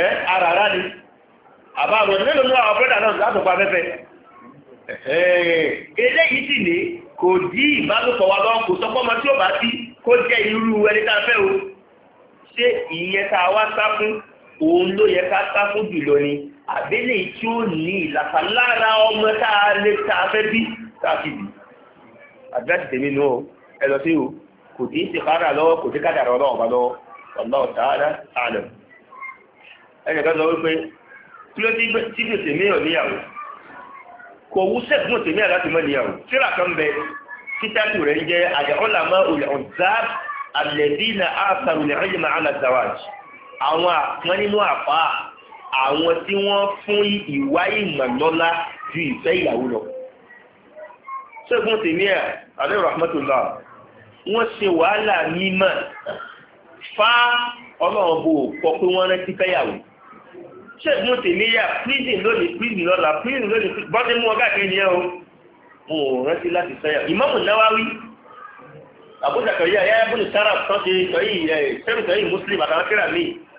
ẹ́ aràrá ni àbá àwọn mélòó ní àwọn brọ́dà náà látọ̀ pa fẹ́fẹ́ eléyìí sì ní kò dí ìbálòpọ̀ wa lọ́wọ́ kò sọpọ́ ọmọ tí ó bá sí kó jẹ́ irú ẹni tá a fẹ́ o ṣé ìyẹn tá a wá sá fún òun ló yẹ ká sá fún jùlọ ni àbẹ́lẹ̀ tí ó ní ìlàpá lára ọmọ tá a lè ta fẹ́ bí tá a fi bì àdírásì tèmi nù ọ ẹ lọ sí o kò tí ń ti kára lọ́wọ́ kò tí kádàrà ọlọ́wọ́ bá lọ́wọ́ Allahu ta'ala a'lam ẹnìkan sọ wípé kí ló ti tí kò tèmi ọ̀ níyàwó kò wú sẹ́gun tèmi àláti mọ́ níyàwó síra kan bẹ títàkù rẹ̀ ń jẹ́ àjẹ́ ọ̀làmọ́ òlẹ̀ ọ̀zá àlẹ́dínà àṣàrò lẹ́yìn máa ń àwọn àkàn nínú àfa àwọn tí wọ́n fún ìwá ìmọ̀ lọ́lá ju ìfẹ́ ìyàwó lọ. ṣẹ́gun tèmíà alẹ́ rahmatullah wọ́n ṣe wàhálà mímọ̀ fa ọlọ́run bò kọ pé wọ́n rántí fẹ́yàwó. ṣẹ́gun tèmíà prison lónìí prison lọ́la prison lónìí bọ́dé mú ọgá kẹ́ni ẹ o mo rántí láti fẹ́yàwó. ìmáàmù Nawawi àbújá kẹ̀yà yáyá bóni sára tán ṣe sọ́yìn sẹ́rù sọ́yìn muslim àtàwọn kẹ́rà míì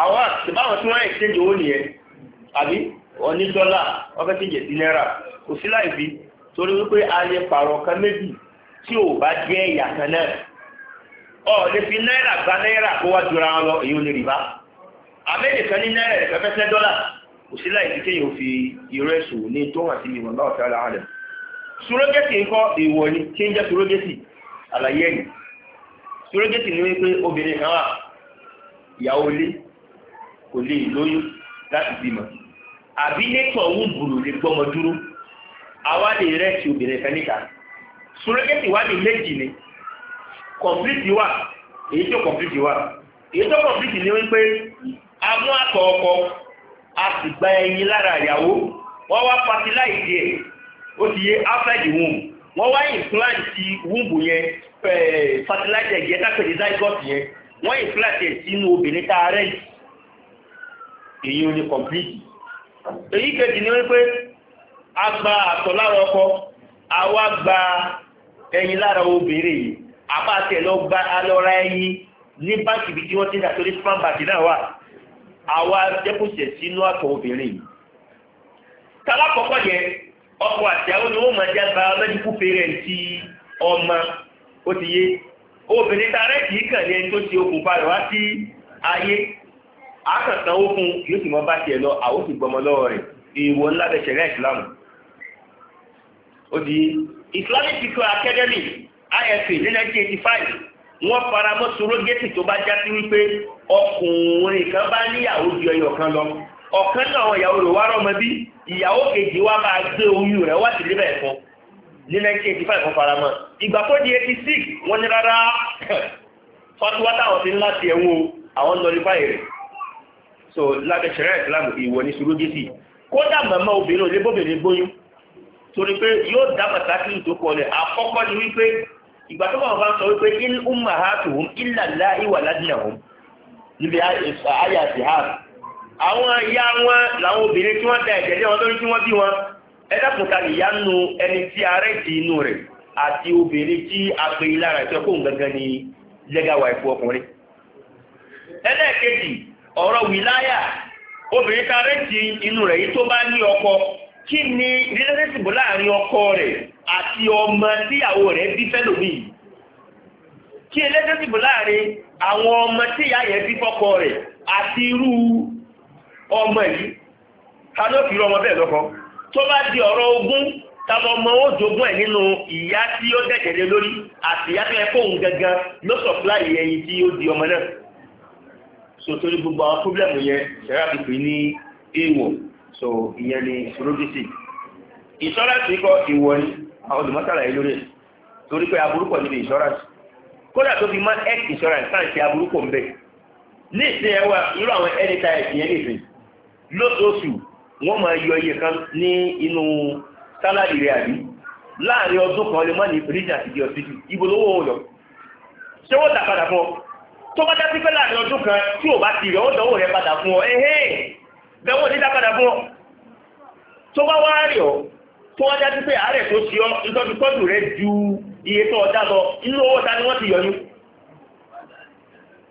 àwọn àtìbáwọn tí wọ́n àbí dọ́là sí náírà kò sí láì fi torí wípé a lè pààrọ̀ kan méjì tí ò bá jẹ́ ìyà kan náà ọ̀ lè fi náírà gba náírà kó wá jura wọn lọ èyí ò lè rí bá kan ní náírà rẹ̀ fẹ́fẹ́ sẹ́ dọ́là kò sí láì fi kéyìn òfin ìrẹsù ní tó hàn sí ìwọ̀n náà tẹ́lá rẹ̀ surrogate ni kí ń jẹ́ surrogate àlàyé ẹ̀yìn surogeti ni wípé obìnrin kan wà kò lè lóyún láti bímọ àbí nítọ̀ wù bùrù lè gbọ́mọ dúró àwa lè rẹ̀ ti obìnrin kan níta surrogate wà ní méjì ni complete wà èyí tó complete wà èyí tó complete ni wípé a mú akọ ọkọ a sì gba ẹyin lára ìyàwó wọ́n wá fertilize ẹ̀ ó ti yé outside the womb wọ́n wá implant womb yẹn eh, fertilize ẹ̀ yẹn tápẹ̀lẹ̀ zygote yẹn wọ́n implant ẹ̀ sínú obìnrin tá a rẹ̀ yìí èyí ò ní kọ̀m̀plìtì èyí kejì ni wípé a gba àtọ̀ lára ọkọ àwa gba ẹyin lára obìnrin yìí àbá tẹ̀ lọ gba alọ́ra ẹyin ní báńkì bí tí wọ́n ti ń dàtọ́ ní spam bank náà wà àwa jẹ́kùsẹ̀ sínú àtọ̀ obìnrin yìí tálákọ̀ọ́kọ́ yẹn ọkọ àti àwọn ni wọ́n máa jẹ́ biological parent ti ọmọ ó ti yé obìnrin tá a kàn ní ẹni tó ti okùnfà rẹ̀ wá sí ayé àkànsanwó fún yóò sì mọ bá tiẹ̀ lọ àwọn sì gbọmọ lọ́wọ́ rẹ̀ èèwọ̀ ńlá bẹ ṣẹ̀rẹ́ ìsìlámù ó Islamic Teacher Academy IFA ní 1985 wọ́n faramọ́ surrogate tó bá já sí wípé ọkùnrin kan bá níyàwó ju ẹyọ kan lọ ọ̀kan náà àwọn ìyàwó rẹ̀ wá rọ́mọ bí ìyàwó kejì wá máa gbé oyún rẹ̀ wá sí lébẹ̀ fún ní 1985 wọ́n faramọ́ ìgbà tó di 86 wọ́n ní rárá fatuwa táwọn ti ń láti ẹ̀wọ̀n àwọn nọlífáì rẹ̀ so lábẹ́ ṣẹ̀rẹ́ ìsìlámù ìwọ ní surrogacy kódà màmá obìnrin òde bóbìnrin gbóyún torí pé yóò dá pàtàkì tó kọlẹ̀ àkọ́kọ́ ni wípé ìgbà tó bàbá sọ wípé in ummahatuhum illa Allahi wa ladnahum níbi àyà zihar àwọn ìyá wọn làwọn obìnrin tí wọ́n da ẹ̀jẹ̀ lé wọn lórí tí wọ́n bí wọn ẹ dákun ta nìyá nu ẹni tí ààrẹ di inú rẹ̀ àti obìnrin tí a pe ilára ìfẹ́ kóhùn gangan ni legal wife ọkùnrin ẹlẹ́ẹ̀kejì ọ̀rọ̀ wìláyà obìnrin ta rẹ́tì inú rẹ̀ yí tó bá ní ọkọ kí ni rírẹ́sìbò láàrin ọkọ rẹ̀ àti ọmọ tíyàwó rẹ̀ bí fẹ́lòmíì kí rírẹ́sìbò láàrin àwọn ọmọ tíyà yẹn bí fọkọ rẹ̀ àti irú ọmọ yìí ló fi ọmọ bẹ́ẹ̀ tó di ọ̀rọ̀ ogún tàbí ọmọ ó jogún ẹ̀ nínú ìyá tí ó dẹ̀jẹ̀ lé lórí àti ìyá tó yẹ gangan ló di ọmọ náà so torí gbogbo àwọn pọ́blẹ́mù yẹn sẹ́ráàtì pè ní èèwọ̀ so ìyẹn ni surrogacy insurance kọ ìwọ̀ ni àwọn olùmọ́sàlà yìí lórí ẹ̀ torí pé aburúkọ níbi insurance kódà tó fi mọ́ health insurance náà ṣe aburúkọ ń bẹ̀ ní ìsìn ẹwà irú àwọn anytime ìyẹn nìsín lóṣooṣù wọ́n máa yọ iye kan ní inú sálárì rẹ̀ àbí láàrin ọdún kan lè má ní ríjà ti di ọ̀sìtì ibo lówó wọn lọ ṣé wọ́n tà padà fún ọ tó bá dájú pé láàrin ọdún kan tí ò bá ti rẹ̀ ó dánwò rẹ̀ padà fún ọ ẹ̀hẹ́ dánwò dídá padà fún ọ tó bá wá rẹ̀ ọ tó wá dájú pé àárẹ̀ tó ṣe ọ ìtọ́jú tọ́jú rẹ̀ ju iye tó ọjà lọ inú owó ta ni wọ́n ti yọnu.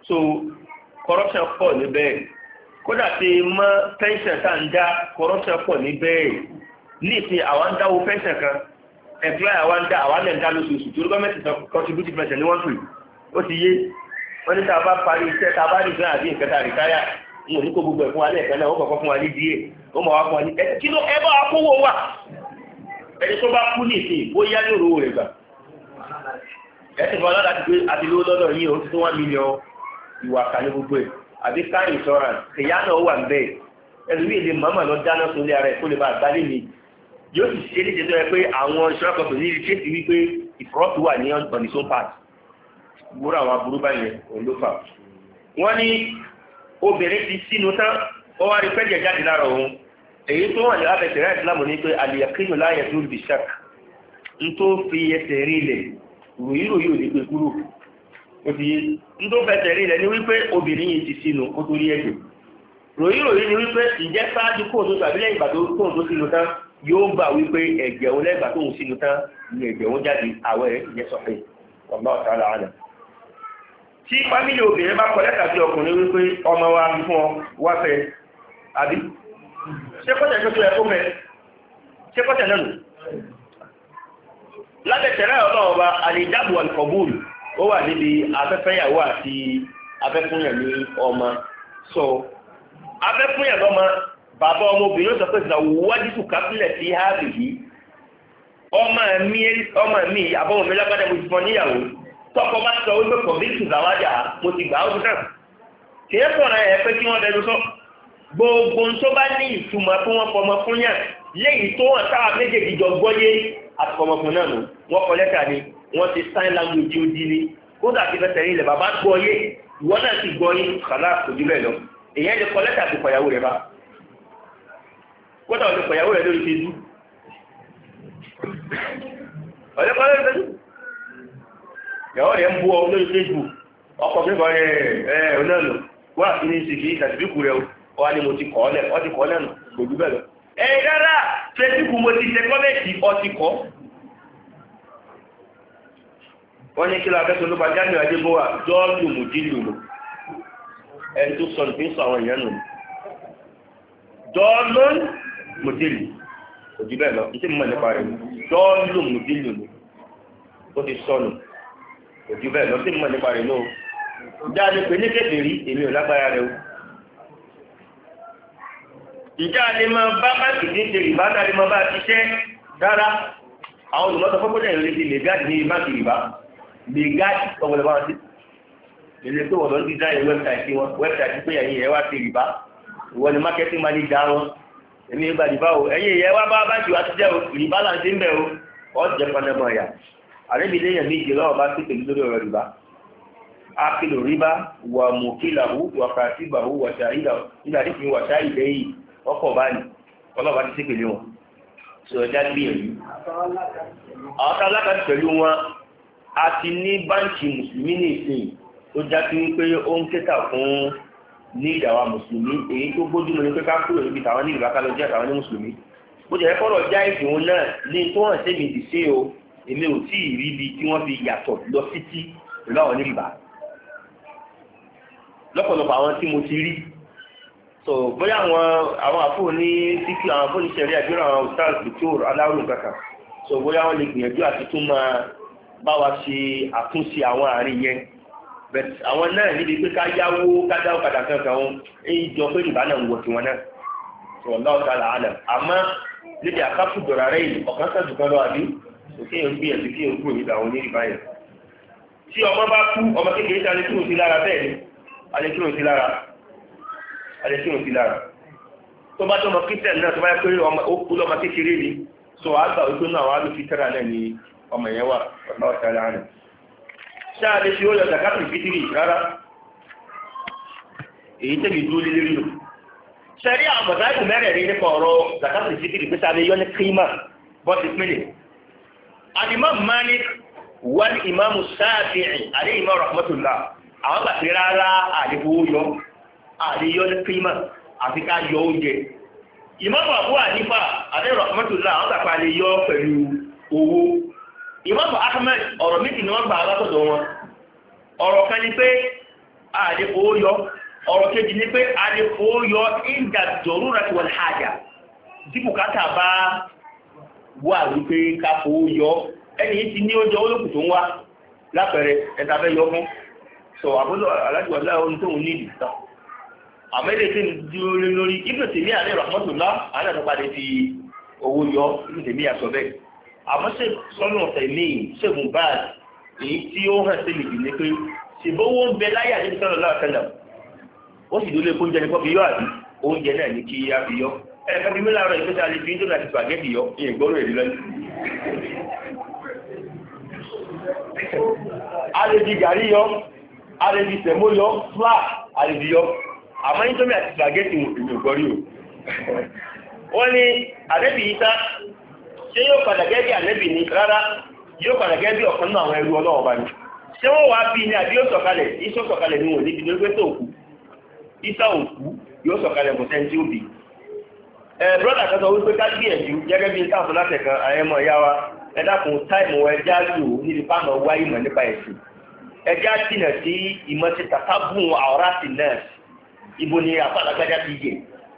so corruption pọ̀ níbẹ̀ kódà tí mọ́ pension tá ń dá corruption pọ̀ níbẹ̀ ní ìsìn àwọn ń dáwó pension kan employer wa ń dá àwọn ń dá lóṣooṣù torí gọ́ọ̀mẹ̀ntì contributive pension ni wọ́n fi ó ti yé wọ́n ní tá a bá parí iṣẹ́ tá a bá rí gan àbí a rí káyà ní òní kó gbogbo ẹ̀ fún wa lẹ́ẹ̀kan náà ó kọ̀ọ̀kan fún wa ní díẹ̀ ó mọ̀ wá fún wa ní ẹ̀ kí ló ẹ bá wa kówó wa ẹni tó bá kú nìsín bóyá ní òróró rẹ̀ gbà ẹ ti fọ ọlọ́dà ti gbé àti lówó lọ́dọ̀ yìí o ti tó one million ìwà kan ní gbogbo ẹ̀ àbí car insurance ìyá náà wà ń bẹ́ẹ̀ ẹlòmíì lè màmá lọ dáná sórí ara ẹ̀ kó lè bá àgbálẹ̀ mi yóò sì ṣe é léṣe tó yẹ pé àwọn ìṣúra kan kò ní ilé ṣèṣì wípé ìfọ́ọ̀tù wà ní ọ̀nìṣó park gbúrò àwọn aburú báyẹn òun fà wọ́n ní obìnrin ti sínú tán ó wá rí pẹ́jẹ̀ jáde lára òun èyí tó wà ní abẹ́tẹ̀rẹ́ ìsìlámù ní pé àlìyàkínú láyẹ̀ tó lùbí ṣak n tó fi ẹsẹ̀ rí ilẹ̀ ròyìnrò yóò ní pé kúrò ti tó fẹsẹ̀ rí ilẹ̀ ní wípé obìnrin yìí ti sínú ó tó rí ẹ̀jẹ̀ ròyìnrò yìí ní wípé ìjẹ́ sáájú tó tàbí lẹ́yìn ìgbà tó tó sínú tán yóò ni ẹ̀jẹ̀ òun jáde àwẹ̀ tí fámílì obìnrin bá kọ lẹ́tà sí ọkùnrin wípé ọmọ wa bí fún ọ wá fẹ́ àbí ṣé kọ́tẹ̀ tó tó ẹ̀kọ́ fẹ́ ṣé kọ́tẹ̀ lẹ́nu lábẹ́tẹ̀rẹ́ ọlọ́run ọba àlìjáàbù àlùkọ̀bùl ó wà níbi afẹ́fẹ́yàwó àti afẹ́fúnyàn ní ọmọ so afẹ́fúnyàn lọ́mọ bàbá ọmọbìnrin sọ pé ìsàwọ́wájú tù kápílẹ̀ sí hábì yìí ọmọ mi àbọ̀wọ̀n mi lágbádá ti fọ níyàwó tọkọ bá sọ wípé kọ̀víkì làwájà mo ti gbà ó dùn kì í sọ̀rọ̀ ẹ̀ pé kí wọ́n dẹnu sọ gbogbo tó bá ní ìtumọ̀ fún wọn fọmọ fún yàn léyìí tó wọn táwa méjèèjì jọ gbọ́yé àtọmọkùn náà nù wọ́n kọ lẹ́tà ni wọ́n ti sign language odi ni kódà ti fẹsẹ̀ rí ilẹ̀ bàbá gbọ́yé ìwọ náà ti gbọ́yé kàlá òjú bẹ́ẹ̀ lọ èyàn lè kọ lẹ́tà tó kọ̀yàwó rẹ̀ bá kódà ò lè kọ̀yàwó rẹ̀ lórí Facebook ọ̀lẹ́kọ̀ọ́ lórí Facebook ìyàwó rẹ̀ ń bú ọ lórí facebook ọkọ̀ pípọ̀ ẹ̀ ẹ̀ onáàlú wọ́n àti ní ìsìnkì ìtàsíbíkù rẹ̀ ọ ni mo ti kọ́ lẹ̀ ọ ti kọ́ lẹ́nu kò jù bẹ́ẹ̀ lọ. ẹ rárá facebook mo ti tẹ kọ́mẹ̀tì ọ ti kọ́. wọ́n ní kí ló abẹ́sọ̀ ló bá jáde adébọ́wà jọ́ọ̀lù mùjílùmù ẹni tó sọ nípa sọ àwọn èèyàn nù jọ́ọ̀lù mùjílù kò jù bẹ́ẹ̀ lọ òjú bẹ́ẹ̀ lọ sí mọ̀ nípa rẹ̀ lóo ìjà ni pé ní kékeré èmi ò lágbára rẹ o ìjà ni máa bá báńkì tí ń ṣe rìbá dárí máa bá a ṣiṣẹ́ rárá àwọn olùmọ̀tò fọ́pọ́jà ìrìn ti lè gáàdì ní báńkì rìbá lè gáàdì ọ̀wọ̀lẹ̀ bá wọn sí lèlè pé wọ́n lọ ń dísáyìn wẹ́bsáìtì wọn wẹ́bsáìtì pé ẹ̀yin ẹ̀ wá ti rìbá ìwọ́n ni mákẹ́tì máa ní dáa wọn èmi ìgbà o ẹ̀yin ẹ̀ wá bá báńkì wa ti jẹ́ o rìbá là ń ṣe ń bẹ̀ o ọ̀ jẹ́ pọnẹ́mọ̀ ẹ̀yà àrẹ́bí lẹ́yìn méje lọ́wọ́ bá sí pẹ̀lú lórí ọ̀rọ̀ rìbá ákìlò rìbá wà mùkìlàwù wà kàtíbàwù wà ṣàìdàwù nígbà tí fi wà ṣàìdẹ́yìn ọkọ̀ báyìí ọlọ́ba ti sí pẹ̀lú wọn sọ ẹja gbìyànjú. àwọn tá a lákàtí pẹ̀lú wọn a ti ní báǹkì mùsùlùmí ní ìsìn tó já sí wípé ó ń kẹta fún ní ìdàwà mùsùlùmí èyí tó gbójúmọ́ ni pé ká kúrò níbi tàwọn ní ìlú akálọ́jẹ́ àtàwọn ní mùsùlùmí bó jẹ́ fọ́rọ̀ já ìsìn wọn náà ní tó hàn sí sí o èmi ò tí ì rí ibi tí wọ́n fi yàtọ̀ lọ sí tí pẹ̀lú àwọn lọ́pọ̀lọpọ̀ àwọn tí mo ti rí so bóyá àwọn àwọn àfò ní síkì àwọn àfò ní sẹ̀rí àgbéra àwọn ustaz victor aláwòrán kankan so bóyá wọ́n lè gbìyànjú àti tún máa bá wa ṣe àtúnṣe àwọn àárín yẹn but àwọn náà níbi pé ká yáwó ká dáwó padà kankan wọn èyí jọ pé nìbá náà ń wọ tiwọn náà so ọlọ́ọ̀ta làálẹ̀ àmọ́ níbi àkáfù dọ̀rọ̀ rẹ̀ yìí ọ̀kan sẹ́dùn kan lọ́wọ́ àbí kéèyàn gbìyànjú kéèyàn kúrò níbi àwọn onírìbá yẹn tí ọmọ bá kú ọmọ kékeré tí a lè kúrò sí lára bẹ́ẹ̀ ni a lè kúrò sí lára a lè kúrò sí lára tó bá tó ọmọ kristian náà tó bá yẹ pé ó kú lọ́mọ kékeré ni so àgbà ojú náà wà á lò fi tẹ́ra náà ni ọmọ yẹn wà ọ̀nà ọ̀tá láàánú ṣáà lè ṣe ó yọ zakatu fitiri rárá èyí tẹ̀lé dúró lé lérí lò ṣẹ́rí àwọn bọ̀dáìkù mẹ́rẹ̀ẹ̀rin nípa ọ̀rọ̀ zakatu fitiri pé sáà lè yọ ní kírímà bọ́ọ̀sì pínlẹ̀ alimam malik wal imam shafi'i alayhi rahmatullah àwọn gbà pé rárá àdìbòwò yọ àdìyọ ní yọ imam abu hanifa alayhi rahmatullah imam ahmed ọ̀rọ̀ méjì ni wọn ọ̀rọ̀ kan ni wà wípé kápò yọ ẹni yìí ti ní oúnjẹ olókù tó ń wá lápẹẹrẹ ẹta fẹ́ yọ fún sọ àbúrò alájùwàlá ohun tó ń ní ìdí tán àmẹ́lẹ̀ tí ń dúró lórí ibùdó tèmi àlẹ́ ràmọ́tòlá àlẹ́ àtọ́padà fi owó yọ ibùdó tèmi àsọ bẹ́ẹ̀ àmọ́ ṣe sọ́nà ọ̀sẹ̀ míì ṣègùn báàdì èyí tí ó hàn sí lèdì ni pé ṣèbówó ń bẹ láyé àdébísọ́nà láàkẹ́lẹ̀ ó sì dúró lé ẹ̀fọ́ bí mi láàárọ̀ ìgbésẹ̀ alẹ́ fi ń dọ́là ti spaghetti yọ ìgbọ́rọ̀ èdè lọ́jọ́. alẹ́ di gàrí yọ alẹ́ di sẹ̀mó yọ fúlà alẹ́ di yọ àmọ́ nítorí àti spaghetti èmi ò gbọ́ o. wọ́n ní àdẹ́bì yìí tá ṣé yóò padà gẹ́gẹ́ bí àdẹ́bì ni rárá yóò padà gẹ́gẹ́ bí ọ̀kan náà àwọn ẹrú ọlọ́wọ́ bá ní. ṣé wọ́n wá bí ní àbí yóò sọ̀kalẹ̀ iṣẹ́ sọ̀kalẹ̀ ni wọ́n níbi lórí pé tó òkú iṣẹ́ òkú yóò sọ̀kalẹ̀ Eh, brother kan sọ wípé ká gbìyànjú gẹ́gẹ́ bí káàfù láti kan àyẹ̀mọ̀ ìyá wa ẹ dákun táìmù ẹja lò níbi fáàmù ìmọ̀ nípa ẹ̀sìn ẹja jìnà sí ìmọ̀ sí tàtàbùn àwòrán náà ibo ni àfàlágbájá ti yẹ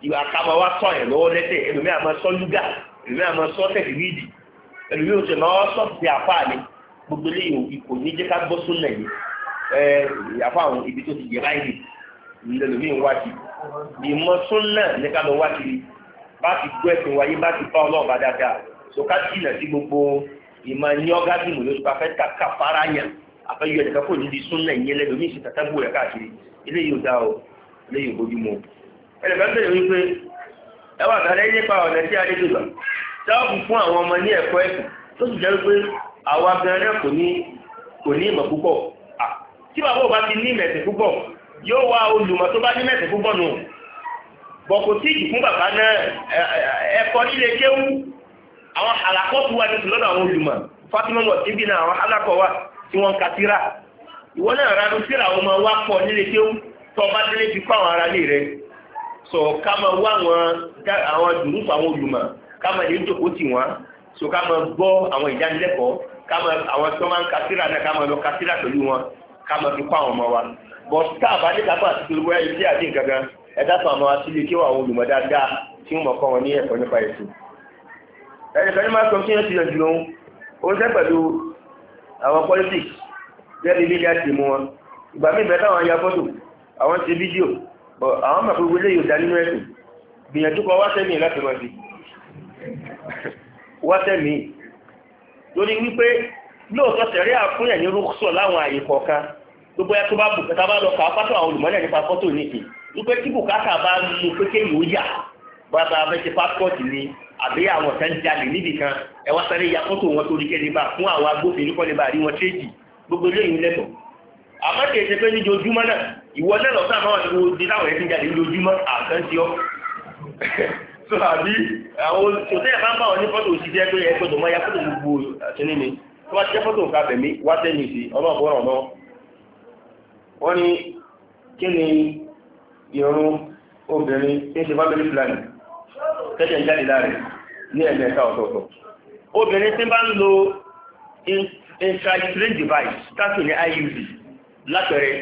ìwà wa sọ yẹn lọ́wọ́ ẹlòmí àmọ́ sọ lúgà ẹlòmí àmọ́ sọ tẹ̀síwìdì ẹlòmí òsè sọ ti àfà ni gbogbo ìkò ní gbọ́ náà yìí ẹ àfà àwọn ibi tó ti yẹ báyìí ń bá ti gbọ́ ẹ̀sìn wáyé bá ti bá ọlọ́run bá dáadáa sọ̀ká jìnà sí gbogbo ìmọ̀ ní ọ́gádìmù ló sọ afẹ́ kàkà fara yàn afẹ́ yọ ẹ̀dẹ̀ká kò ní di súnà ìyẹn lẹ́nu ní ìsìn tàtàbù rẹ̀ káàkiri eléyìí ò dá o eléyìí ò bójúmu. ẹnìkan bẹ̀rẹ̀ wípé ẹ wà kálẹ̀ nípa ọ̀nà tí a lè dùgbà sáàbù fún àwọn ọmọ ní ẹ̀kọ́ ẹ̀sìn tó sì jẹ́ wípé àwa gan náà kò ní kò ní ìmọ̀ púpọ̀ tí bàbá ò bá ti ní ìmẹ̀sìn púpọ̀ yóò wá olùmọ̀ tó bá ní ìmẹ̀sìn púpọ̀ nù bọ̀kùtíìkì fún bàbá náà ẹ̀kọ́ nílé kéwú àwọn àlàkọ́tù wa ní ti lọ́dọ̀ àwọn olùmọ̀ Fatima mọ̀ síbi náà àwọn alákọ̀ wa tí wọ́n ń ka síra náà ranu síra ọmọ wa pọ̀ nílé sọ ká máa wá àwọn àwọn olùmọ̀ ká máa lè tì wọ́n so ká máa gbọ́ àwọn ìdánilẹ́kọ̀ọ́ ká máa àwọn tó máa ń ka síra náà ká ẹ̀dá kan àwọn asílé kí wọ́n àwọn olùmọ̀ dáadáa tí wọ́n mọ̀ kọ́ wọn ní ẹ̀kọ́ nípa ẹ̀sìn ẹnìkan ní máa sọ kí wọ́n ti yanjú lóhun ó sẹ́ pẹ̀lú àwọn politics gẹ́gẹ́ bí láti mú wọn ìgbà míì bẹ́ẹ̀ táwọn ya fọ́tò àwọn ti fídíò àwọn mọ̀ pé wọlé yóò dá nínú ẹ̀sìn gbìyànjú kan wá sẹ́mi láti máa fi wá sẹ́mi lórí wípé lóòótọ́ tẹ̀rí àfúnyẹ̀ ní rúkṣọ̀ láwọn àyè kọ̀ọ̀kan gbogbo ẹ̀ tó bá bùkátà bá lọ kà á pátó àwọn olùmọ́lẹ̀ nípa fọ́tò nìkì wípé tí bùkátà bá mú pé kéyìí ó yà bàbá abẹ́sẹ̀ pásítọ̀tì ni àbí àwọn kan jalè níbì kan ẹ wá sáré ya fọ́tò wọn torí kẹ́lẹ́ bá fún àwọn agbófinró kọ́lé bá rí wọn tréjì gbogbo eléyìí lẹ́tọ̀ọ́ àmọ́ kìí ṣe pé níjojúmọ́ náà ìwọ náà lọ́sàn àwọn àti wo di táwọn ẹ̀sìn jáde níjojúmọ́ àkáǹtì ọ́ so àbí àwọn òṣèlú bá ń bá wọn ní fọ́tò òṣìṣẹ́ pé ẹ gbọ́dọ̀ mọ́ ya fọ́tò gbogbo àtúní mi tó bá ti jẹ́ fọ́tò nǹkan abẹ̀mí wá sẹ́yìn sí ọlọ́ọ̀bọ̀rọ̀ náà wọ́n ní kí ni ìrún obìnrin tí ń ṣe family planning tẹ́jẹ̀ ń jáde láàrin ní ẹ̀mẹ́ta ọ̀tọ̀ọ̀tọ̀ obìnrin tí bá ń lo intrauterine device tàbí ní IUD látọ̀rẹ́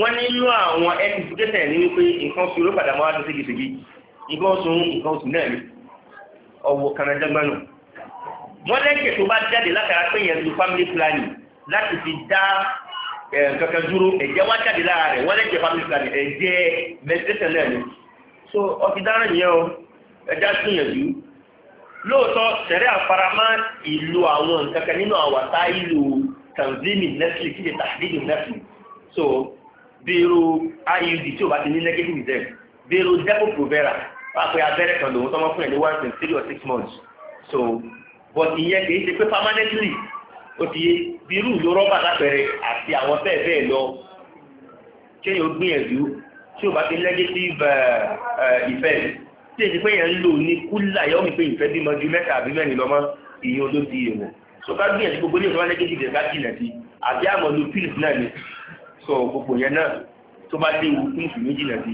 wọ́n nínú àwọn ẹ̀kùnkùnkẹ́sẹ̀ ní wípé nǹkan oṣù ló padà máa tó ségesège nǹkan oṣù nǹkan oṣù náà ni ọ̀wọ̀ kanajagbanu wọ́n lẹ́kẹ̀ẹ́ tó bá jáde látara pé yẹn lo family planning láti fi dá kankan dúró ẹ̀jẹ̀ wá jáde lára rẹ̀ wọ́n lè jẹ́ family planning ẹ̀jẹ̀ meditation náà so ọtí dára yẹn o ẹja gbìyànjú lóòótọ́ sẹ̀rẹ́ àfaramá ìlú àwọn nǹkan nínú àwọn ìlú tanzini netflix ti tàbídì netflix so bẹ́ẹ̀rù iud tí o bá ti ní negative reserve bẹ́ẹ̀rù depo provera wọ́n á kan lòun tọ́mọ́ fún ẹ̀ ní one point three or six months so but ìyẹn kì í ṣe pé permanently òdìye bírú ìlú rọ́bà àti àwọn bẹ́ẹ̀ bẹ́ẹ̀ lọ kéèyàn gbìyànjú tí o bá ti negative eh, eh, effect tí èyí pé yẹn ń lò ní kúlà yọ mi pé ìfẹ́ bímọ ju mẹ́ta àbí mẹ́rin lọ́mọ ìyẹn ló di èèwọ̀ so ká gbìyànjú gbogbo ní ìfọwọ́ negative ẹ̀ bá jìnà sí àbí àmọ́ lu pills náà ni so gbogbo yẹn náà tó bá dé ewu fún ìfìmí jìnà sí.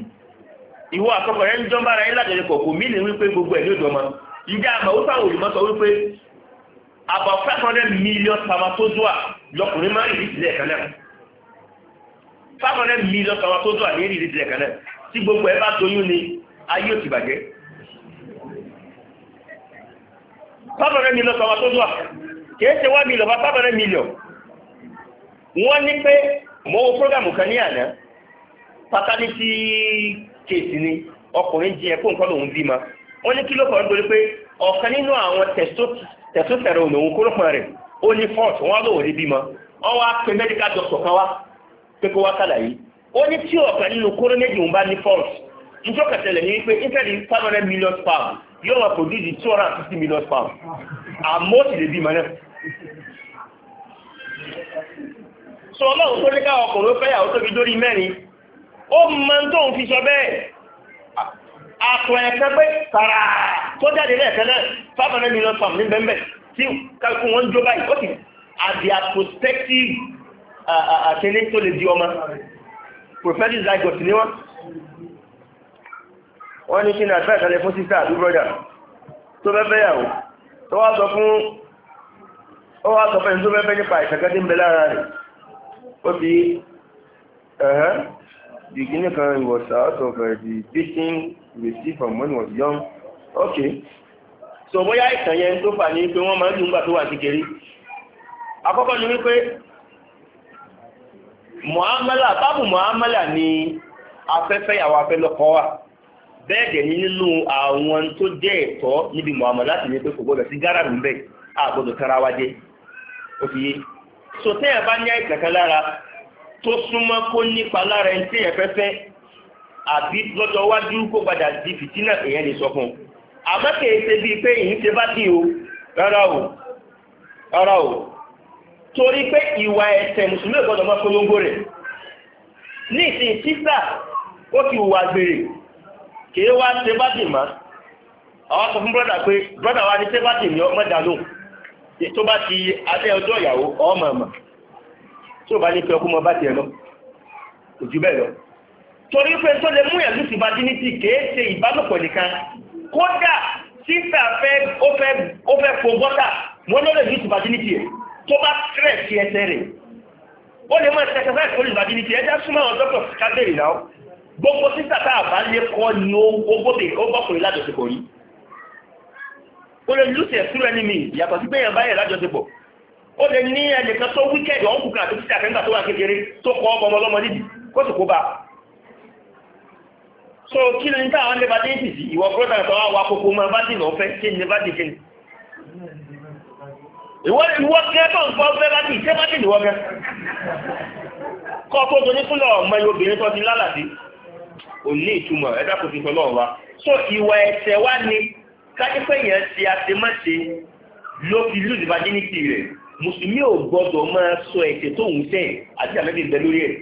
ìwọ àkọ́kọ́ yẹn ń jọ́ bára yín lájọyọ̀ kọ̀ kò mí ní wípé gbogbo ẹ̀ ní òdòmọ ìdí àmọ́ ó fáwọn olùmọ́sọ wípé about five hundred million spermatozoa lọkùnrin máa ń rí ìdílé kan náà five hundred million spermatozoa ní rí ìdílé kan náà tí gbogbo ẹ bá doyún ni ayé ò ti bàjẹ́ five hundred million spermatozoa kìí ṣe one million bá five hundred million wọ́n ní pé mo wo programu kan ní àná fatality case ni ọkùnrin jiyàn kó nǹkan lòún bímọ wọ́n ní kí ló kọ́ ń dorí pé ọ̀kan nínú àwọn tẹ̀sùn tẹ̀rẹ̀ òmè òun kórópọn rẹ̀ ó ní fọ́ọ̀tù wọn lòun ní bímọ wọn wá pe medical doctor kan wá pé kó wá kàlàyé ó ní tí ọ̀kan nínú kóró méjì òun bá ní fọ́ọ̀tù njọ́ kẹtẹlẹ̀ ní wípé instead of five hundred million pounds yóò wá produce two hundred and fifty million pounds àmọ́ sì lè bímọ náà so ọlọ́run tó ní káwọn ọkùnrin fẹ́yàwó tóbi dórí mẹ́rin ó mọ àtọ̀ ẹ̀kẹ́ pé tààrà tó jáde lẹ́ẹ̀kẹ́lẹ́ five hundred million pound ní bẹ́ẹ̀ tí kálukú wọn ń jó báyìí ó sì àdì àprospective àtẹni tó lè di ọmọ prophetic zygote ni wọn. wọ́n ní kí ni àdúrà ìkàlẹ̀ fún sísá àbí brọ́dà tó fẹ́ fẹ́ yàwó tó wá sọ fún ó wá sọ fún ẹni tó fẹ́ fẹ́ nípa ìṣẹ̀kẹ́ tí ń bẹ lára rẹ̀ ó fi ẹ̀hẹ́ the guinea kan was out of uh, the beating we see from when was young okay so bóyá ìtàn yẹn tó fà ní pé wọ́n máa ń dùn gbà tó wà kékeré àkọ́kọ́ ni wípé muamala bábù muamala ni afẹ́fẹ́ àwọn afẹ́lọ́kọ́ wà bẹ́ẹ̀ dẹ̀ ni nínú àwọn tó jẹ́ ẹ̀tọ́ níbi muamala láti ní pé kò gbọdọ̀ sí gáràrù ń bẹ̀ àgbọdọ̀ tara wa jẹ́ ó fi yé so téèyàn bá ní àìsàn kan lára tó súnmọ́ kó nípa lára ẹni téèyàn fẹ́fẹ́ àbí lọ́jọ́ iwájú kó padà di fìtínà èèyàn lè sọ fún un àmọ́ kìí ṣe bíi pé ìyìn ṣe bá dì o rárá o rárá o torí pé ìwà ẹ̀ṣẹ̀ mùsùlùmí ìgbọ́dọ̀ máa polongo rẹ̀ ní ìsìn sísà ó ti wà gbèrè wá ṣe bá dì sọ fún brọ́dà pé brọ́dà wa ṣe bá dì tó bá ti alẹ́ ọjọ́ ìyàwó tí ò bá ní pé ọkú mọ bá tiẹ̀ lọ bẹ́ẹ̀ lọ. torí pé tó lè mú ìyàlú ti virginity kìí ṣe ìbálòpọ̀ nìkan kódà sísà fẹ́ ó fẹ́ fo bọ́tà wọ́n ló lè lù ti virginity ẹ̀ tó bá stress ti ẹsẹ̀ rẹ̀ ó lè mọ ẹsẹ̀ kẹfẹ́ ìkọlù virginity ẹjá súnmọ́ àwọn dọ́kítọ̀ kábẹ́rì náà gbogbo sísà tá a bá lè kọ́ ni ó gbọ́dọ̀ ó bọ́kùnrin lájọṣepọ̀ rí ó lè lù sí ẹ̀sùn rẹ̀ ní mi yàtọ̀ sí gbẹ̀yàn báyẹ̀ lájọṣepọ̀ ó lè ní ẹnìkan tó wíkẹ̀dì ọ̀hún kùkà àti sísà kẹ́ńtà tó wà kékeré tó kọ́ ọmọ ọmọ ọlọ́mọ nídìí kó sì kó bá a so kí ni táwọn lè bá dé ìsìsì ìwọ brọ́dà tó wá kókó máa bá dìnà ọ̀fẹ́ kí ni bá dìkí ni ìwọ ìwọ kẹ́tọ̀ nǹkan ọ̀fẹ́ bá dìkí bá dìnà ọ̀fẹ́ kọ́ tó ní fúnlọ̀ ọmọ yóò bìnrin tó ti lálàdé ò ní ìtumọ̀ ẹ̀dá kò ti sọlọ́ wa so ìwà ẹ̀ṣẹ̀ wá ni kájípẹ́ yẹn ti àtẹmọ́ṣe ló fi lùdì bá dé ní ti rẹ̀ mùsùlùmí ò gbọdọ̀ máa sọ ẹ̀ṣẹ̀ tó ń sẹ́yìn àti àmẹ́bí ìbẹ́ lórí ẹ̀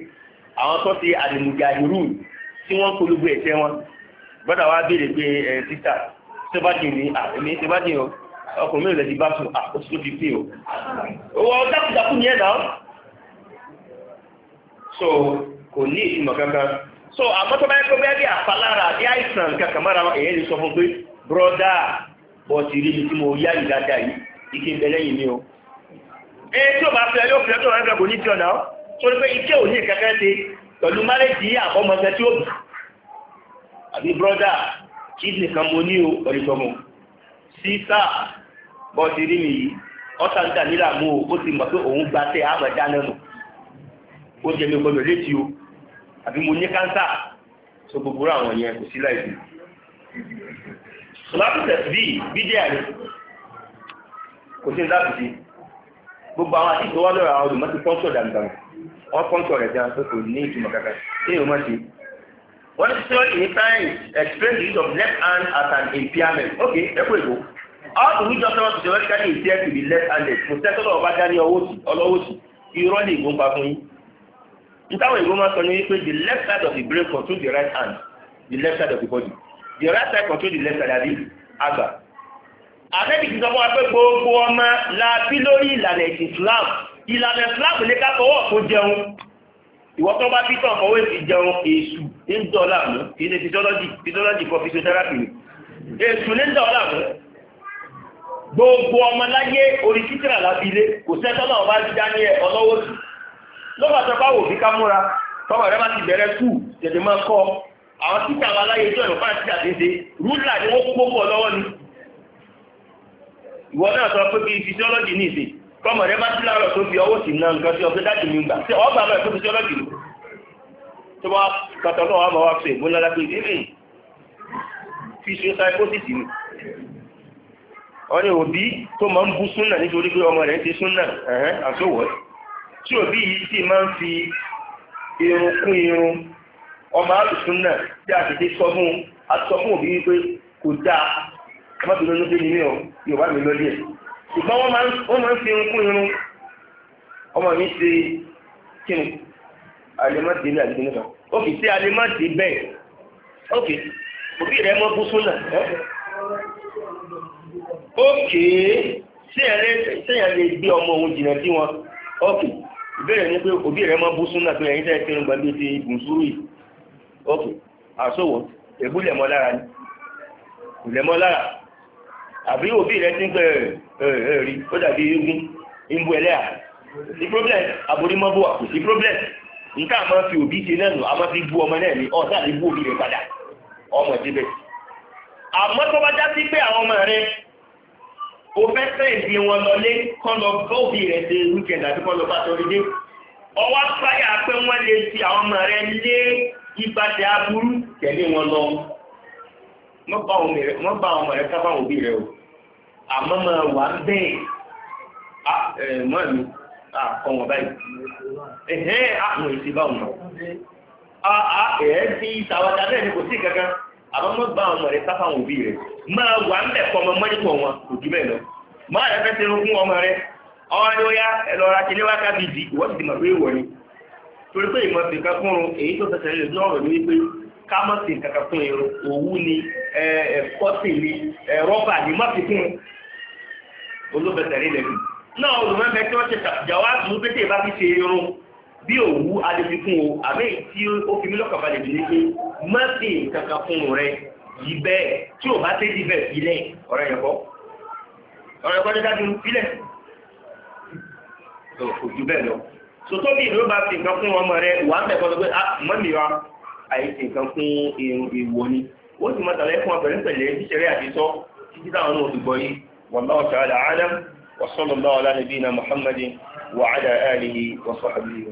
àwọn tó ti àdìmùgà ìrù tí wọ́n polówó ẹ̀ṣẹ̀ wọn brother wa béèrè pé ẹ̀ títà sẹ́bàdì ní àmì sẹ́bàdì o ọkùnrin mẹ́rin lẹ́ti bá sùn àkóso ah, ti pè o. owó dákúdákú ni ẹ̀ náà so kò ní ìtumọ̀ kankan so àmọ́ tó bá yẹ kó bẹ́ẹ̀ bí àpalára bí àìsàn kankan mára ni sọ fún pé bọ́dà bọ́ọ̀tì rí mi tí mo yá ìdájà yìí ike ń bẹ lẹ́yìn mi o. ẹ tí o bá fẹ́ yóò fẹ́ tó rẹ̀ kò ní ti ọ̀nà ó torí pé ike ò ní ìkẹ́kẹ́ pẹ̀lú márẹ́jì yìí àkọ́mọṣẹ́ tí ó bì àbí brọ́dà kídìnì kan mo ní o pẹ̀lú tọmọ sísá bọ́ọ̀sì rí mi yìí ọ̀tá ń dà nílà mú o ó ti mọ̀ pé òun gba tẹ́ àmọ̀ dáná nù ó jẹ mi gbọdọ̀ létí o àbí mo ní kánsà so gbogbo àwọn yẹn kò sí láì dùn. sọláàtì tẹ̀sí bídíà ni kò sí ní láti di gbogbo àwọn àti ìtọ́wádọ́ra àwọn olùmọ́tò pọ́ńsọ̀ dàmdàmù ọ̀pọ̀ntọ̀ rẹ̀ dáa kò ní ìtumọ̀ kankan tí yóò má ṣe. wọ́n ti sọ in science explain the use of left hand as an impairment ok ẹ kú èkó all the wisdom of the world carry his there to be left handed kò sẹ́tọ́ lọ́wọ́ bá dá ní ọwọ́ sí ọlọ́wọ́ sí irọ́ ní ìgbó ń pa fún yín. nítawọn ìgbó máa sọ ní wípé the left side of the brain control the right hand the left side of the body the right side control the left side àbí àgbà. àtẹ́tìkì sọ fún wa pé gbogbo ọmọ la bí lórí ìlànà ìsìn Islam ìlànà Islam ní ká fọwọ́ kó jẹun ìwọ́ tó bá fi tàn fọwọ́ èsì jẹun èṣù ní ń dọ̀ọ́là mú kí ní physiology physiology for physiotherapy ni èṣù ní ń dọ̀ọ́là mú gbogbo ọmọ láyé orí títìrà lábílé kò sẹ́tọ́ náà bá dídá ní ẹ̀ ọlọ́wọ́ sí lọ́pàá bá wò bí ká múra tọ́wọ́ rẹ bá ti bẹ̀rẹ̀ kú tètè máa kọ́ àwọn títà wa láyé tó ẹ̀rọ fáńtì àtẹ́sẹ̀ rúlà ni wọ́n kó bọ̀ lọ́wọ́ ni ìwọ náà sọ pé bíi physiology ní ìsìn tọmọ rẹ bá sí láàárọ̀ tó fi ọwọ́ sí ná nǹkan sí ọ̀sẹ̀ dájú mi gbà ṣé ọgbà náà tó fi sọ́lọ́jì lò tó bá kàtọ́ náà wà máa wá pé ìgbóná lápé ìdílé fi ṣe psychosis mi ọ̀rẹ́ òbí tó máa ń bú súnà nítorí pé ọmọ rẹ̀ ń ṣe súnà àṣọwọ́ tí òbí yìí sì máa ń fi irun kún irun ọmọ àlùsúnà tí a ti ti sọ fún a sọ fún òbí wípé kò dáa má bínú ló dé nínú yorùbá mi lọ díẹ̀ ṣùgbọ́n wọ́n máa ń fi nkún irun ọmọ mi ṣe kí ni alimati ilé àti nígbà ó fi ṣe alimati bẹ́ẹ̀ ókè òbí rẹ̀ mọ́ bùsùnà ókè sẹ́yìn lè gbé ọmọ òun jìnnà sí wọn ókè ìbéèrè ni pé òbí rẹ̀ mọ́ bùsùnà pé ẹ̀yin tẹ́lẹ̀ fẹ́ràn gbàgbé ti bùsùrù yìí ókè àsòwò ègbúlẹ̀ mọ́ lára ni kò lára àbí òbí rẹ̀ ti ń gbẹ̀rẹ̀ ẹ̀rí ó dàbí eégún ìbú ẹlẹ́à sí problem aborímọ́bù kò sí problem nǹkan àmọ́ fi òbí ṣe náà fi bu ọmọ náà ní ọ̀sán àti bú òbí rẹ̀ padà ọmọ ìdíbẹ̀ àmọ́ tó bá já sí pé àwọn ọmọ rẹ o fẹ́ sẹ́ǹdì wọn lọlé kán lọ bóòbí rẹ̀ ṣe wíkẹ̀ndì àti kán lọ bá dé ọwọ́ ti àwọn ọmọ rẹ lé aburú tẹ̀lé wọn lọ bá ọmọ òbí o. àmọ́ mọ̀ wà ń bẹ́ẹ̀ mọ́ mi kọ́ báyìí ẹ̀hẹ́ àwọn èsì bá wọn ẹ̀ẹ́ ti ìtàwádà bẹ́ẹ̀ ni kò sí kankan àmọ́ mọ́ bá ọmọ rẹ̀ sáfà wọn rẹ̀ wà ń bẹ̀ kọ́ ọmọ mọ́nìkọ̀ wọn kò jù bẹ́ẹ̀ lọ fẹ́ ti ọmọ rẹ̀ ni ó yá ti ìwọ́sì ti mọ̀ pé kámọ́sì kankan fún èrò òwú ni ẹ̀kọ́sì ni rọ́bà ni má fi fún olóbẹ̀tẹ̀rẹ̀ lẹ́nu. náà olùmọ̀ẹ́fẹ́ tí wọ́n ṣe jàwá àtúnú pété bá fi ṣe irun bí òwú adébíkún o àbẹ́ tí ó fi mí lọ́kàn balẹ̀ bí wípé má fi kankan fún rẹ yìí bẹ́ẹ̀ tí ò bá tẹ́ di bẹ́ẹ̀ sílẹ̀ ọ̀rẹ́ yẹn kọ́ ọ̀rẹ́ kọ́ dájú sílẹ̀ kò ju bẹ́ẹ̀ lọ. sòtọ́ bí ìlú bá fi nǹkan fún ọmọ rẹ wà á bẹ̀ kọ́ lọ pé ah, mọ́mí wa àìsí nǹkan fún èèwọ̀ ni ó sì máa tàlẹ́ fún apẹ̀lẹ́pẹ̀lẹ́ tíṣẹ̀rẹ́ àtisọ́ títí táwọn náà ti gbọ́ yìí wallahu ta'ala a'lam wa sallallahu ala nabina muhammadin wa ala alihi wa sahbihi